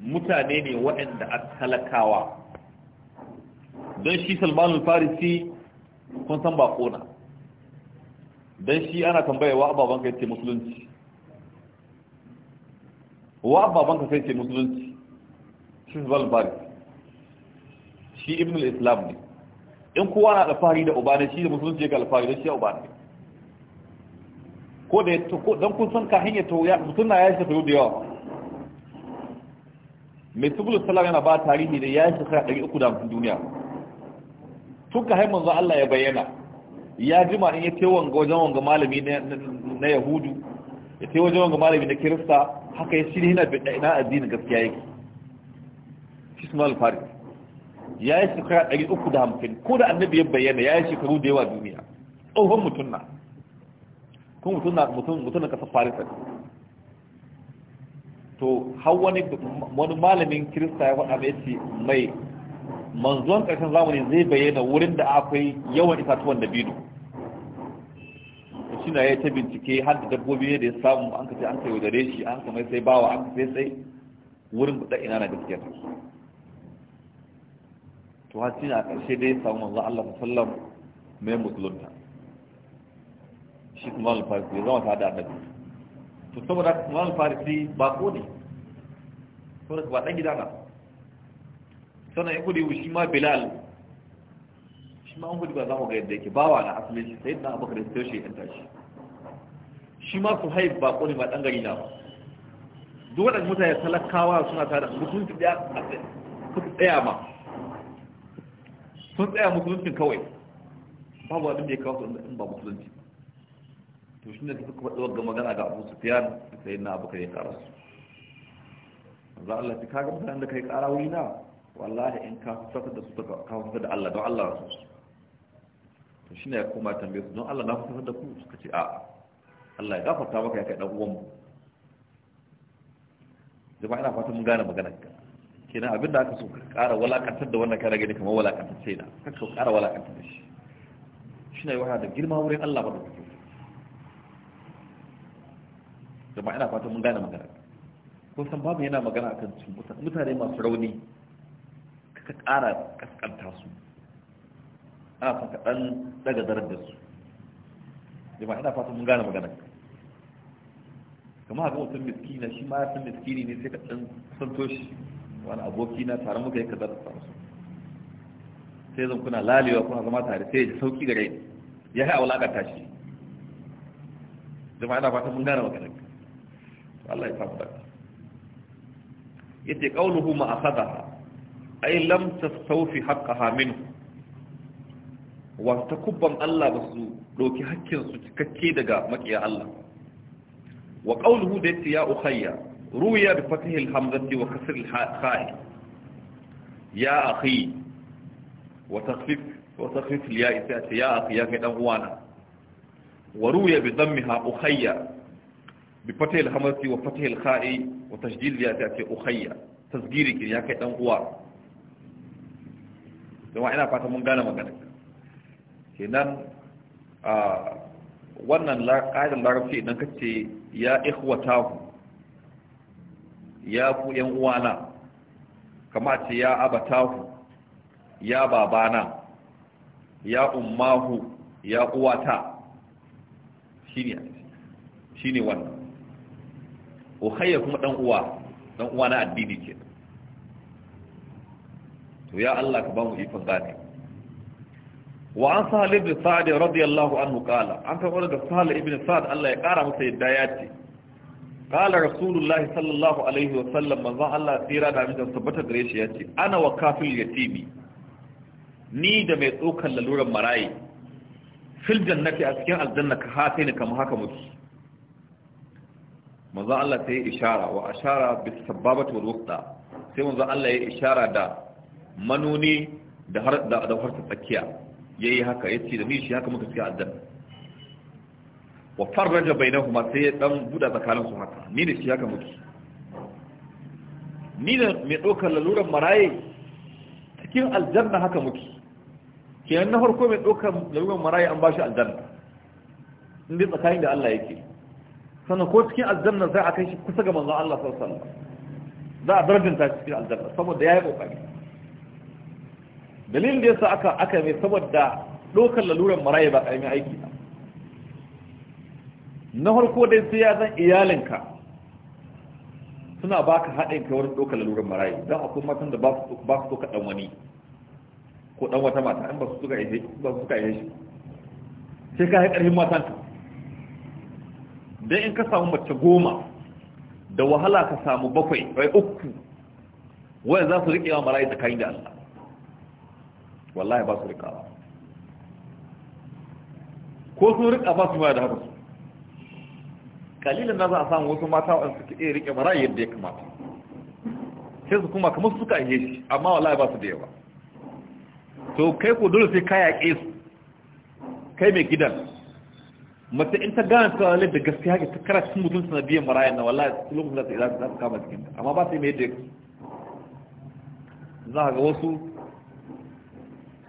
mutane ne waɗanda a talakawa don shi salman farisi kun san ba na. don shi ana tambayewa ababen kai ce musulunci wa babanka ka sai ce musulunci shi salman farisi shi ibn islam ne in kowa na alfahari da ubane shi da musulunci ya ga alfahari don shi ya ubane ko da don kun san ka ya tuya suna ya shi yau da yawa mai subulu salam yana ba tarihi da ya shafa dari uku da hamsin duniya tun ka haimar Allah ya bayyana ya jima in ya ce wajen wanga malami na yahudu ya ce wajen wanga malami na kirista haka ya shi yana bidda ina addinin gaskiya yake Kismal farid ya yi shekara 350 uku da hamsin ko da annabi ya bayyana ya yi shekaru da yawa duniya tsohon mutum na Kun mutum na mutum mutum na kasar farisa to har wani wani malamin kirista ya faɗa mai ce mai manzon ƙarshen zamani zai bayyana wurin da akwai yawan itatuwan dabino shi na ya ta bincike har da dabbobi ne da ya samu an kace an kai wadare shi an kamar sai bawa an sai sai wurin da ina na gaskiya to har shi na ƙarshe dai samu manzon Allah sallallahu alaihi wasallam mai musulunta shi kuma farisi ya zama ta da annabi to saboda kuma farisi ba ko ne saboda ba ɗan gida na sannan ya kudi shi ma bilal shi ma an kudu ba za mu ga yadda yake bawa na asalin shi sai na abokan da shi ya tashi shi ma su haif ba ko ne ba ɗan gari na ba duk waɗanda mutane talakawa suna tare da mutunci tsaya ma sun tsaya musulunci kawai babu abin da ya kawo su in ba musulunci to shi da suka faɗi ga magana ga abu sufiyan da sayi na abu kai ya kara su za Allah ci kaga mutanen da kai kara wuri na wallahi in ka fusata da su ka fusata da Allah don Allah rasu to shi ya koma tambaye su don Allah na fusata da ku suka ce a'a Allah ya gafarta maka ya kai dan uwan mu jama'a ina fatan mun gane maganar ka kenan abin da aka so ka kara walakantar da wannan kare gani kamar walakantar sai na ka kara walakantar da shi shi ne wahada girma wurin Allah ba da jama'a ina fatan mun gane magana ko san babu yana magana akan cikin mutane masu rauni ka kara kaskanta su ana son ka ɗan daga zarar da su jama'a ina fatan mun gane magana kamar haka mutum miskina shi ma ya san miskini ne sai ka ɗan santo shi wani aboki na tare muka yi ka da sauransu sai zan kuna lalewa kuna zama tare sai ya sauki gare ni ya haɗa wulaƙanta shi jama'a ina fatan mun gane magana Allah ya samu dace yace qawluhu ma akhadha ay lam tastawfi haqqaha minhu wa takubban Allah basu doki hakkin su cikakke daga makiya Allah wa qawluhu da yace ya ukhayya ruya bi fathil hamzati wa kasr al kha'i ya akhi wa takhfif wa takhfif al ya'i ya akhi ya kai dan uwana وروي بضمها أخيّة bi fatihil hamasi wa fatihil kha'i wa tasjil ya ta ce ukhayya tasgiri ki ya kai dan uwa kuma ina fata mun gane magana kenan a wannan ƙa'idar larabci idan ka ce ya ikhwatahu ya ku yan uwana kama ce ya abata abatahu ya babana ya umma ummahu ya uwata shi ne wannan ukhayya kuma dan uwa dan uwa na addini ke to ya Allah ka ba mu ikon gane wa an sahal ibn sa'd radiyallahu anhu qala an karbo daga sahal ibn sa'd Allah ya kara masa yadda ya ce qala rasulullahi sallallahu alaihi wa sallam manzo Allah tsira da mijin tabbata gare shi ya ce ana wa kafil yatimi ni da mai tsokan laluran marayi fil jannati a cikin aljanna ka hafe ni kamar haka muke manzo Allah sai ishara wa ashara bis sababati wal wusta sai manzo Allah ya ishara da manuni da har da harta tsakiya yayi haka yace da mishi haka muka ci addan wa farraja bainahuma sai ya dan buda tsakanin su haka ni ne shi haka muke ni da mai dokar laluran maraye cikin aljanna haka muke kenan na farko mai dokar laluran maraye an bashi aljanna In inda tsakanin da Allah yake sannan ko cikin aljanna zai a kai shi kusa ga manzon Allah sallallahu alaihi wasallam za a darajanta cikin aljanna saboda yayi kokari dalilin da yasa aka aka mai saboda dokar laluran maraye ba karamin aiki ba na ko dai sai ya zan iyalinka suna baka haɗin kai wurin dokar laluran maraye don akwai matan da ba su doka ɗan wani ko ɗan wata mata in ba su suka yi shi sai ka yi ƙarfin matanka don in ka samu mace goma da wahala ka samu bakwai bai uku wanda za su riƙe wa marayi tsakanin da Allah wallahi ba su riƙa ba ko sun riƙa ba su ma da haka su kalilin na za a samu wasu mata waɗanda suke iya riƙe marayi yadda ya kamata sai su kuma kamar suka yi shi amma wallahi ba su da yawa to kai ko dole sai ka yaƙe su kai mai gidan mace in ta gane ta lalle da gaskiya ke ta kara cikin mutum na biyan marayan na su lokacin da ta ila za ta kama cikin ta amma ba ta yi mai yadda za a ga wasu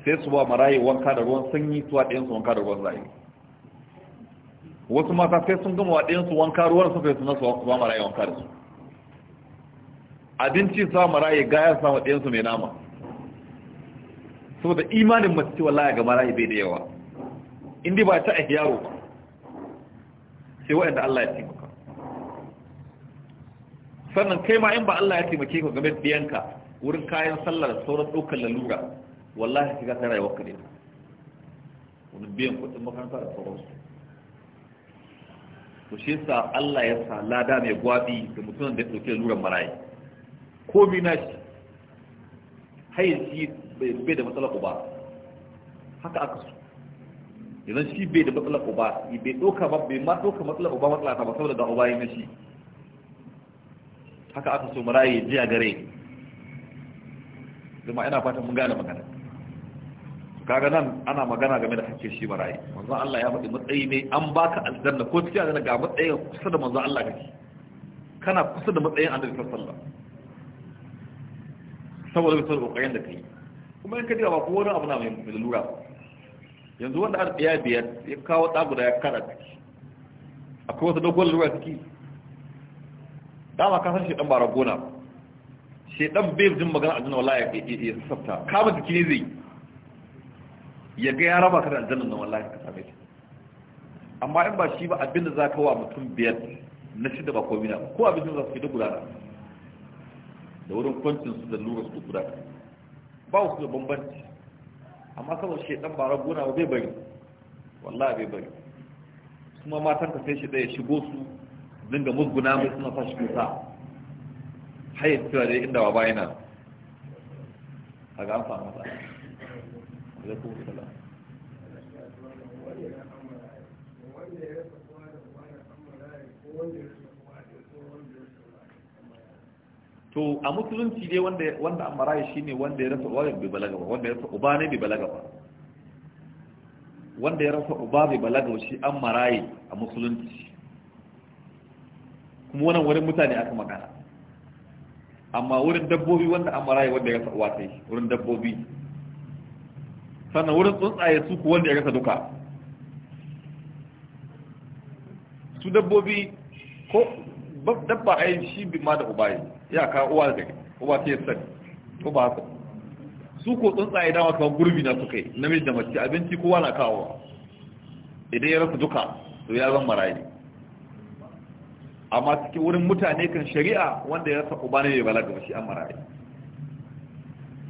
sai su ba marayi wanka da ruwan sanyi su a ɗayansu wanka da ruwan zafi wasu mata sai sun gama wa ɗayansu wanka ruwan suka su suna su ba marayi wanka da su abinci sa marayi gaya sa wa ɗayansu mai nama saboda imanin mace wallahi ga marayi bai da yawa in dai ba ta a yaro ba sai waɗanda Allah ya taimaka sannan kai ma in ba Allah ya taimake ka game da biyanka wurin kayan sallar sauran ɗaukar lalura wallahi shiga ta rayuwar ka ne wani biyan kuɗin makaranta da sauransu to shi yasa Allah ya sa lada mai gwabi da mutumin da ya ɗauki laluran marayi ko bi na shi hayin shi bai da matsala ba haka aka so yanzu shi bai da matsalar uba bai ɗauka ba bai ma doka matsalar uba matsala ta ba saboda ga uba yana shi haka aka so maraye ji a gare zama ina fatan mun gane magana kaga nan ana magana game da hakkin shi yi manzon Allah ya faɗi matsayi ne an baka aljanna ko cikin aljanna ga matsayin kusa da manzon Allah kake kana kusa da matsayin annabi sallallahu saboda bisa kokarin da kai kuma in ka diga ba ko wani abu na mai lura ba yanzu wanda har ɗaya biyar ya kawo ɗa guda ya kada a kuma wata dogon ruwa suke dama ka san shaidan ba ragona shi shaidan bai jin magana a aljanna wallahi ya sassafta kama jiki ne zai ya ga ya raba kada aljanna na wallahi ka same shi amma in ba shi ba abin da za ka wa mutum biyar na shida ba komina ba ko abin da za su fi da gudana da wurin kwancin su da lura su guda ba su da bambanci amma saboda dan bara gona ba bai bari wallahi bai bari kuma matan ka sai shi ya shigo su dinga musguna mai suna fashi shi kusa hayyar cewa da inda ba yana a ga an samu matsala da kuma to a musulunci dai wanda wanda an maraya shine wanda ya rasa uba bai balaga ba wanda ya rasa uba ne bai balaga ba wanda ya rasa uba bai balaga ba shi an maraye a musulunci kuma wannan wurin mutane aka magana amma wurin dabbobi wanda an maraye wanda ya rasa uwa sai wurin dabbobi sannan wurin tsuntsaye su ku wanda ya rasa duka su dabbobi ko dabba ayin shi bi ma da uba ya ka uwa gari uwa ce sani ko ba haka su ko tsuntsaye dama kamar gurbi na suka yi namiji da mace abinci kowa na kawowa idan ya rasa duka to ya zan marayi amma cikin wurin mutane kan shari'a wanda ya rasa uba ne bai balaga ba shi an marayi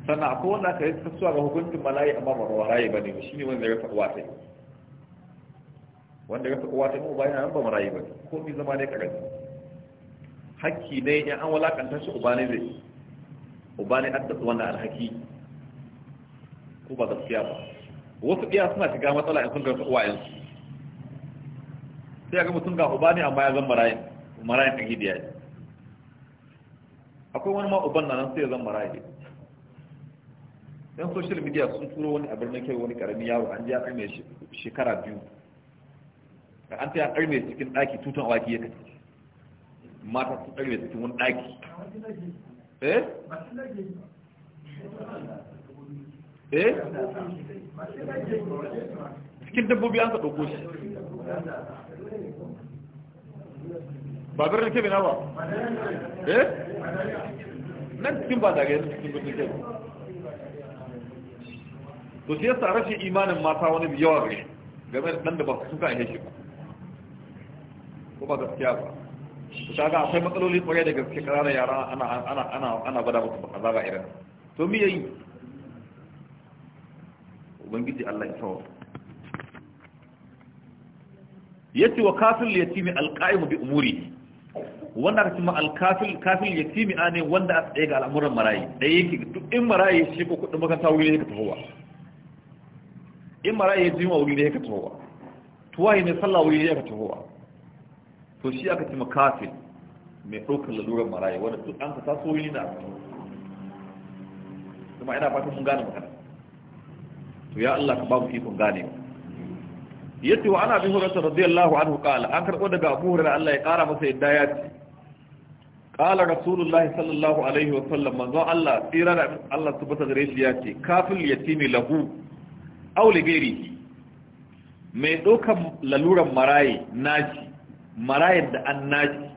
sannan akwai wanda aka yi kasuwa ga hukuncin malayi amma ba marayi ba ne shi ne wanda ya rasa uwa ta wanda ya rasa uwa ta yi ba yana nan ba marayi ba ko mi zama ne karanci hakki ne in an walakanta shi uba ne zai uba ne an tafi wannan alhaki ko ba gaskiya ba wasu iya suna shiga matsala in sun ga uwayensu sai ga mutum ga uba ne amma ya zan marayin marayin a gidiya ne akwai wani ma uban na nan sai ya zan marayin yan social media sun turo wani abin na kyau wani karami yaro an ji ya karme shekara biyu da an ta ya karme cikin ɗaki tutan awaki ya kace mata su tsare da cikin wani ɗaki eh eh cikin dabbobi an ka ɗauko shi ba birnin kebe na ba eh nan cikin ba zagaye cikin birnin kebe to sai yasa rashin imanin mata wani biyawar ne game da ɗan da ba su suka ahe shi ba ko ba gaskiya ba to kaga akwai matsaloli kwarai da gaske ƙananan yara ana ana ana ana gwada musu irin to me yayi ubangiji Allah ya sawa yace wa kafil yatimi alqaimu bi umuri wanda aka cimma alkafil kafil yatimi ne wanda a tsaye ga al'amuran marayi da yake duk in marayi shi ko kudin makaranta wuri ne ka tafowa in marayi ya jima wuri ne ka tafowa tuwaye ne sallah wuri ne ka tafowa to shi aka ce makafin mai ɗaukar lalurar maraya wanda duk an ka taso yi na kuma ina fatan mun gane magana to ya Allah ka ba mu ikon gane yace wa ana bi hurairah radiyallahu anhu qala an karbo daga Abu Hurairah Allah ya kara masa yadda ya ce qala rasulullah sallallahu alaihi wa sallam manzo Allah tsira da Allah subhanahu wa ta'ala ya ce kafil yatimi lahu aw li ghairihi mai dokan laluran maraye naji marayar da an naji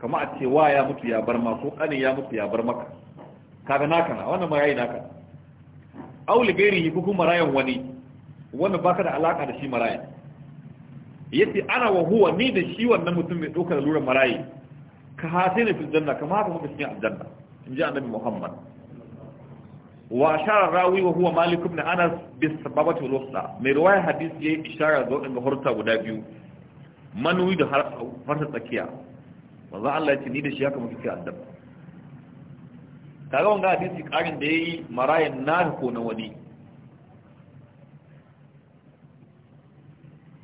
kama a cewa ya mutu ya bar ma ko ya mutu ya bar maka kaga naka na wannan marayi naka auli gairi ko kuma marayan wani wanda baka da alaka da shi marayan yace ana wa huwa ni da shi wannan mutum mai dokar lura marayi ka hasi ne fil janna kama haka muka cikin aljanna in ji annabi muhammad wa ashara rawi wa huwa malik ibn anas bis sababati wal wusta mai riwaya hadisi yayi ishara ga wadanda guda biyu manuyi da harsa tsakiya ba za Allah ya ce ni da shi haka muke kai addaba kaga wanga hadisi karin da yayi marayan naka ko na wani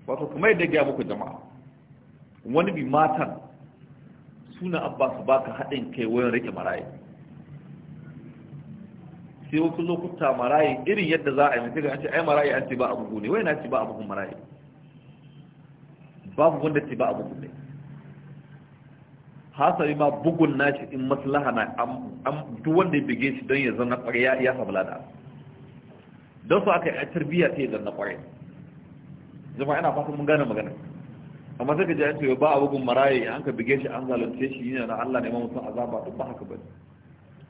wato kuma yadda ya muku jama'a wani bi matan suna abba su baka haɗin kai wayan rike marayi sai wasu lokuta marayi irin yadda za a yi mutu ga an ce ai marayi an ce ba abu ne wai na ce ba abu marayi babu wanda ce ba a bugun ne hasari ma bugun nashi in maslaha na duk wanda ya bige shi don ya zanna ƙwarya ya samu lada don su aka yi a tarbiyya ta ya zanna ƙwarya zama ina fasa mun gane magana amma sai ka ji an ce ba a bugun maraye an ka bige shi an zalunce shi yana na Allah ne ma mutum azaba duk ba haka ba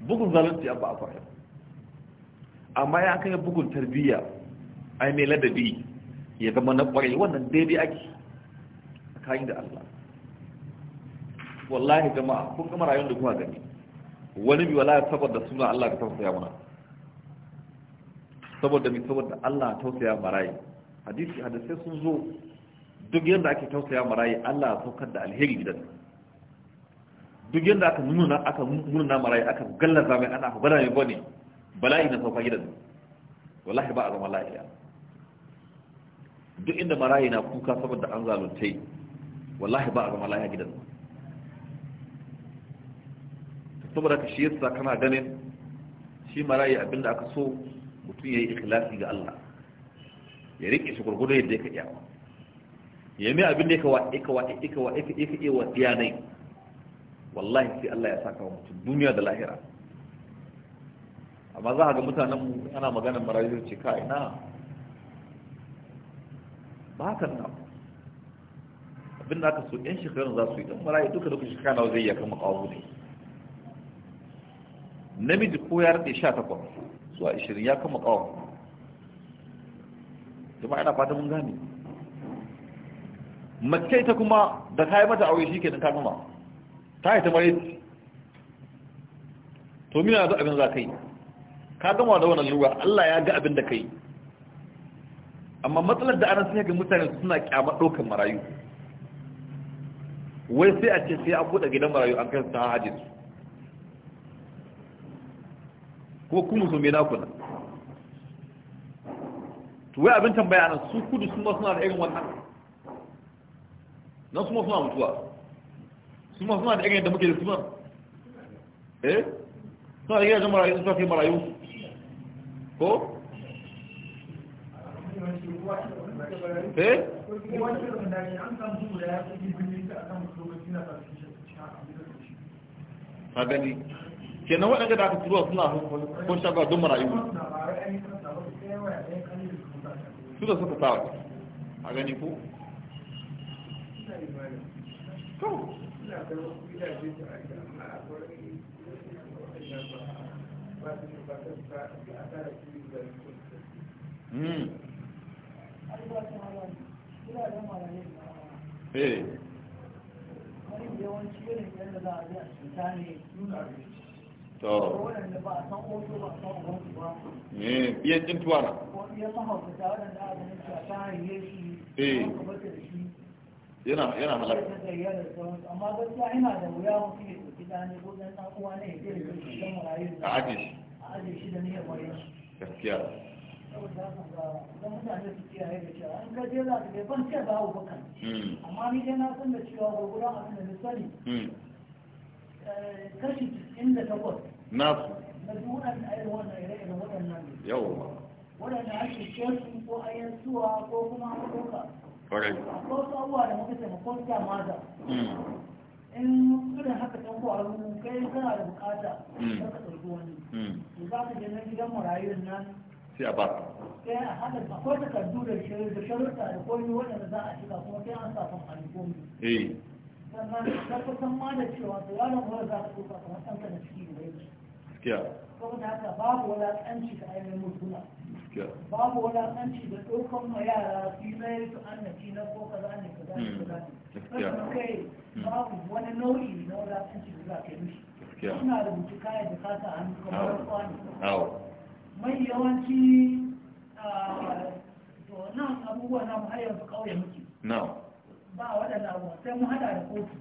bugun zalunci an ba a kware. amma ya kai bugun tarbiyya ai mai ladabi ya zama na kware wannan daidai ake tsakanin da Allah wallahi jama'a kun gama rayuwar da kuma gani wani bi wallahi saboda suna Allah ka tausaya mana saboda mi saboda Allah tausaya marayi hadisi hadisi sun zo duk yadda ake tausaya marayi Allah ya saukar da alheri gidan duk yadda aka nuna aka nuna marayi aka gallaza mai ana bada mai bane bala'i na sauka gidan wallahi ba a zama lafiya duk inda marayi na kuka saboda an yi wallahi ba a zama laya gidan nan saboda ka shi yasa kana ganin shi marayi abinda aka so mutum ya yi ikhlasi ga Allah ya rike shi gurgudu yadda ya iya ya mi abin da ya kawa ika wa ika wa ika ika iya wa wallahi sai Allah ya saka wa mutum duniya da lahira amma za a ga mutanen mu ana maganar marayu ce ka ina ba haka nan abin da aka so yan shekarun za su yi don marayi duka da shekara nawa zai yakan makawu ne namiji ko ya rade sha takwas zuwa 20 ya kama kawo jama'a yana fata mun gane mace ita kuma da ta yi mata aure shi ke ta kama ta yi ta mare to mina da abin za ka yi ka gama da wannan lura Allah ya ga abin da ka yi amma matsalar da ana sun ga mutane suna kyamar ɗaukar marayu wai sai a ce sai a kuɗa gidan marayu an kai su ta hajji su ko kuma su na kuna to wai abin tambaya nan su kudu su masu suna da irin wannan nan su masu suna mutuwa su masu suna da irin yadda muke da su ma eh suna da gidajen marayu su sa marayu ko eh a gani waɗanda da aka suna shagwa don marayu su da suka tawa a gani ko hmm. Eh. eh yana da wuya mutum ya a ajiye shi da niyyar wani gaskiya Hmm. amma ni dai na san da cewa gurgura a kan da sani hmm. eh, kashi 98 na su na duwan ayyar wannan ire-iren waɗannan yau waɗanda ake shesu ko ayyar suwa ko kuma haɗoka ƙwarai ko su abuwa da muka taimakon ta maza hmm. in irin haka can kwaro kai kana da bukata ka ɗauki wani za ka je na gidan marayun nan sai a ba su akwai takardu da sharuɗa da komi waɗanda za a shiga kuma sai an sa son alikomi eh sannan ka kusan ma da cewa da yaron wanda za ka ɗauka kamar ɗanka da ciki da yake gaskiya saboda haka babu wulaƙanci da ainihin mutuna babu wulaƙanci da ɗaukan ma yara su yi zai su annaci na ko kaza ne kaza ne kaza ne kasan kai babu wani nau'i na wulaƙanci da za ka yi mishi suna rubutu kayan da ka sa hannu kamar kwano mai yawanci ah, nan abubuwa na mu hayar su kauye muke ba waɗanda abubuwa sai mu hada da kotu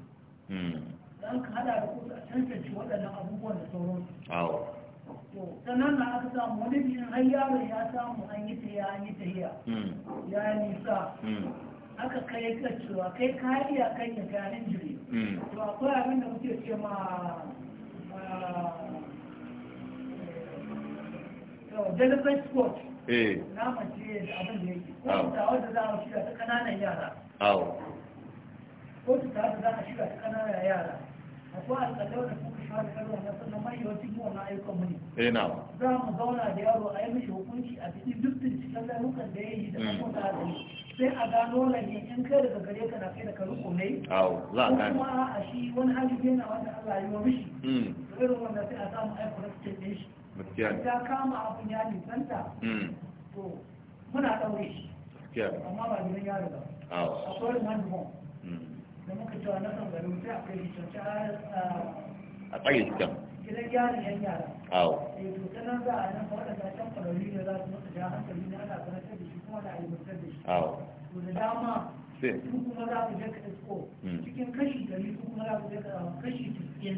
hmm. don ka hada da kotu a cancanci waɗannan abubuwan da sauransu sannan na aka samu wani biyan har yaron ya samu an yi tahiya an yi tahiya hmm. ya nisa hmm. aka kai ka cewa kai ka iya kan ya ganin jiri to akwai abin da muke ce ma ah, deliberate eh. sport na da abin ko za a shirya ta kananan yara ko za a ta yara akwai alƙalau da na mu ne eh, za mu zauna da yaro a yi mishi hukunci a cikin duk binciken laifukan da ya yi da hmm. abubuwan da sai a gano lalle in kai daga gare ka na kai da karu kome kuma a shi wani hali yana wanda Allah ya yi wa mishi hmm. irin wanda sai a samu aiko na cikin shi ta kama abin ya nisanta hmm. to muna ɗaure shi amma ba gidan yaro ba ah, a kwarin man home hmm. da muka cewa na kan gari wuce a kai shi canci ah, a tsaye shi can gidan yaro yan yara awo ah, eh to ta nan za a nan ba waɗanda can kwararri ne za su mutu da hankali na ana zaratar da shi kuma da ayyukan da shi awo to da dama su kuma za su je ka isko hmm. cikin kashi ɗari su kuma za su je ka kashi cikin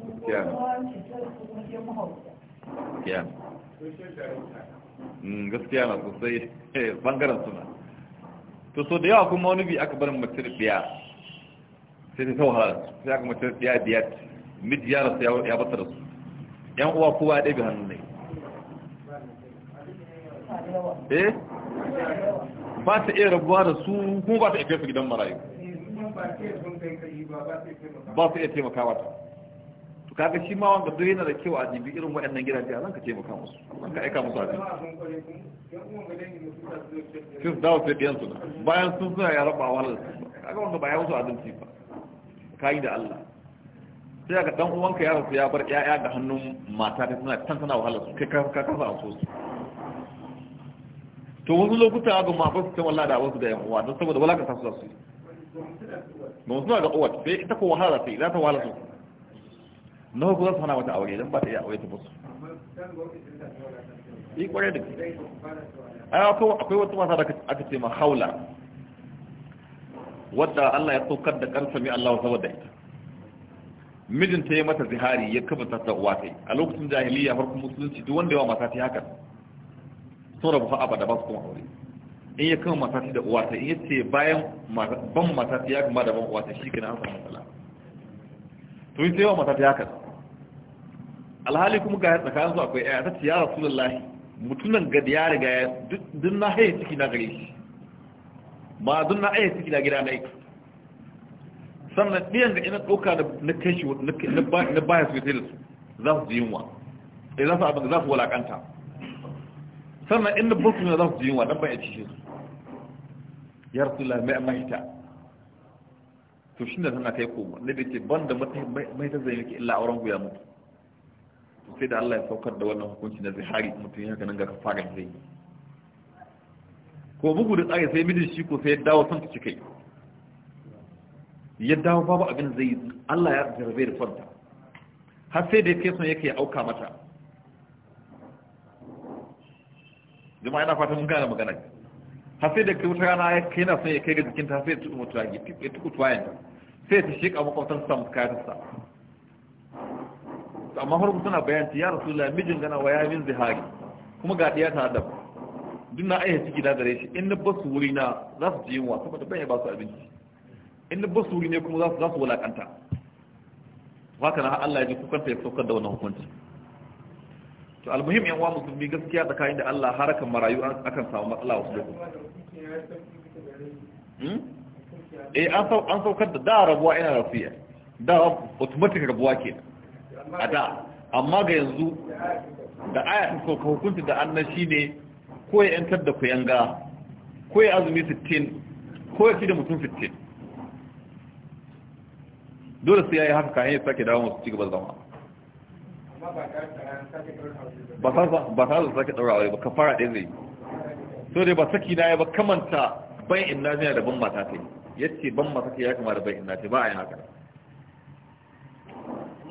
Mm, gaskiya na sosai eh, bangaren suna to so da yawa kuma wani bi aka barin mace biya sai ta tawhara sai aka mace biya biya mid ya rasu ya bata da su yan uwa kowa ya ɗabi hannun ne eh ba ta iya rabuwa da su kuma ba ta iya kai su gidan marayu ba ta iya taimakawa ta to kaga shi ma wanda duk yana da kyau a jibi irin waɗannan gidaje a nan ka maka musu an ka aika musu a cikin sun dawo sai ɗiyan su bayan sun suna ya raba wahalar su kaga wanda ba ya musu adalci ba Ka yi da Allah sai ka dan uwanka ya rasu ya bar ƴaƴa da hannun mata ta suna tan tana wahala su kai ka ka kasa a su to wasu lokuta ga ma ba su ta wallahi da wasu da yan uwa don saboda wala ka tasu da su ba suna da uwa sai ita ko wahala sai za ta wahala su nawa ku zan su hana mata aure don ba ta iya aure ta musu yi eh, kwarai da ke akwai wata mata da aka ce ma haula wadda Allah ya saukar da karsa mai Allah saboda ita mijinta ya mata zihari ya kafa ta uwa ta a lokacin jahiliya farkon musulunci duk wanda yawa mata ta haka sun rabu fa abada ba su kuma aure in ya kama mata ta da uwa ta in ya ce bayan ban mata ta ya kama da ban uwa ta shi kenan an samu matsala to yi sai yawa mata ta haka alhali kuma ga kayan su akwai ya ta ce ya rasulullahi mutunan ga ya riga ya duk na haye ciki na gare shi ba duk na haye ciki na gida na aiki sannan ɗiyan ga ina ɗauka na kai shi na baya su yi da su za su yunwa eh za su abin za su walakanta sannan inda ba su za su yunwa dan ba ya ci shi ya rasulullahi mai amma ita to shi ne tana kai koma ne da ke ban da mai ta zai yake illa auren guya mutu sai da Allah ya saukar da wannan hukunci na zihari mutum haka nan ga kafaran zai yi ko bugu da tsari sai mijin shi ko sai ya dawo son ci kai ya dawo babu abin zai yi Allah ya jarabe da fanta har sai da yake son yake ya auka mata jama'a ina fatan mun gane magana har sai da kai wata rana ya kai na son ya kai ga jikinta sai ya tuku mutuwa ya tuku tuwayen sai ta shi ka makwabtar samun kayatarsa amma farko suna bayanci ya la mijin gana wa ya min zihari kuma ga ɗiya ta adam duk na aiki ciki da gare shi in na basu wuri na za su ji yunwa saboda ban ya ba su abinci in na basu wuri ne kuma za su za su walakanta haka na Allah ya ji kukanta ya saukar da wannan hukunci to almuhim yan wa musulmi gaskiya tsakanin da Allah harakan marayu akan samu matsala wasu lokuta hmm? eh an saukar da da rabuwa ina rafiya da automatic rabuwa kenan a da amma ga yanzu da aya ta sauka hukunci da annan shi ne ko ya yantar da kuyanga ko ya azumi 60 ko ya ci da mutum 60 dole sai ya yi haka kayan ya sake dawo masu cigaba zama ba ta da sake daura ba ka fara ɗaya zai so dai ba saki na ya ba kamanta bayan inna zina da ban mata ta yi yace ban mata ta ya kama da bayan inna ta ba a yi haka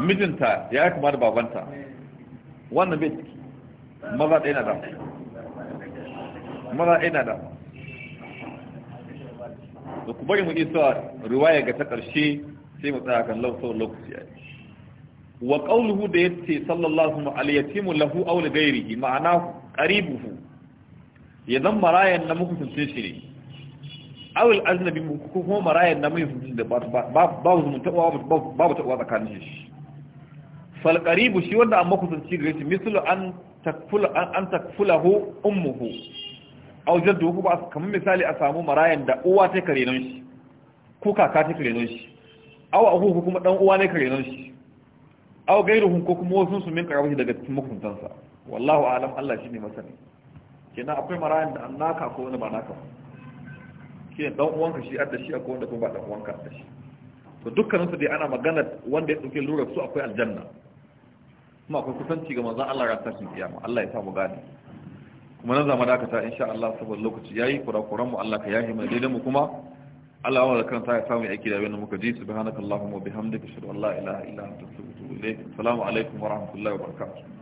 mijinta ya yi kuma da babanta wannan bai ciki maza ɗaya na maza ɗaya na da ku bari mu isa riwaya ga ta ƙarshe sai mu tsaya kan lausar lokaci ya yi wa ƙaunuhu da ya ce sallallahu alyatimu lahu aw gairi ma'ana qaribuhu ya zan marayan na muku shi ne awul al bi kuma marayan na muku da babu zumunta babu ba ba tsakanin shi falqaribu shi wanda amma kusanci gare shi mislu an takfula an takfulahu ummuhu aw jadduhu ba kamar misali a samu marayan da uwa ta kare nan shi ko kaka ta kare nan shi aw ahuhu kuma dan uwa ne kare nan shi aw gairuhum ko kuma wasu su min karabashi daga cikin makusantansa wallahu a'lam Allah shi ne masani kenan akwai marayan da annaka ko wani ba naka ba shine dan uwanka shi adda shi akwai wanda kuma ba dan uwanka adda shi to dukkaninsu dai ana magana wanda ya dauke lura su akwai aljanna kuma akwai kusanci ga manzon Allah ran tashin kiyama Allah ya samu gani kuma nan zama dakata insha Allah saboda lokaci yayi kurakuran mu Allah ka yahi mai daidai mu kuma Allah wa kan ta ya samu aiki da wannan muka ji subhanakallahumma wa bihamdika ashhadu an la ilaha illa anta astaghfiruka wa atubu ilayk assalamu alaikum wa rahmatullahi wa barakatuh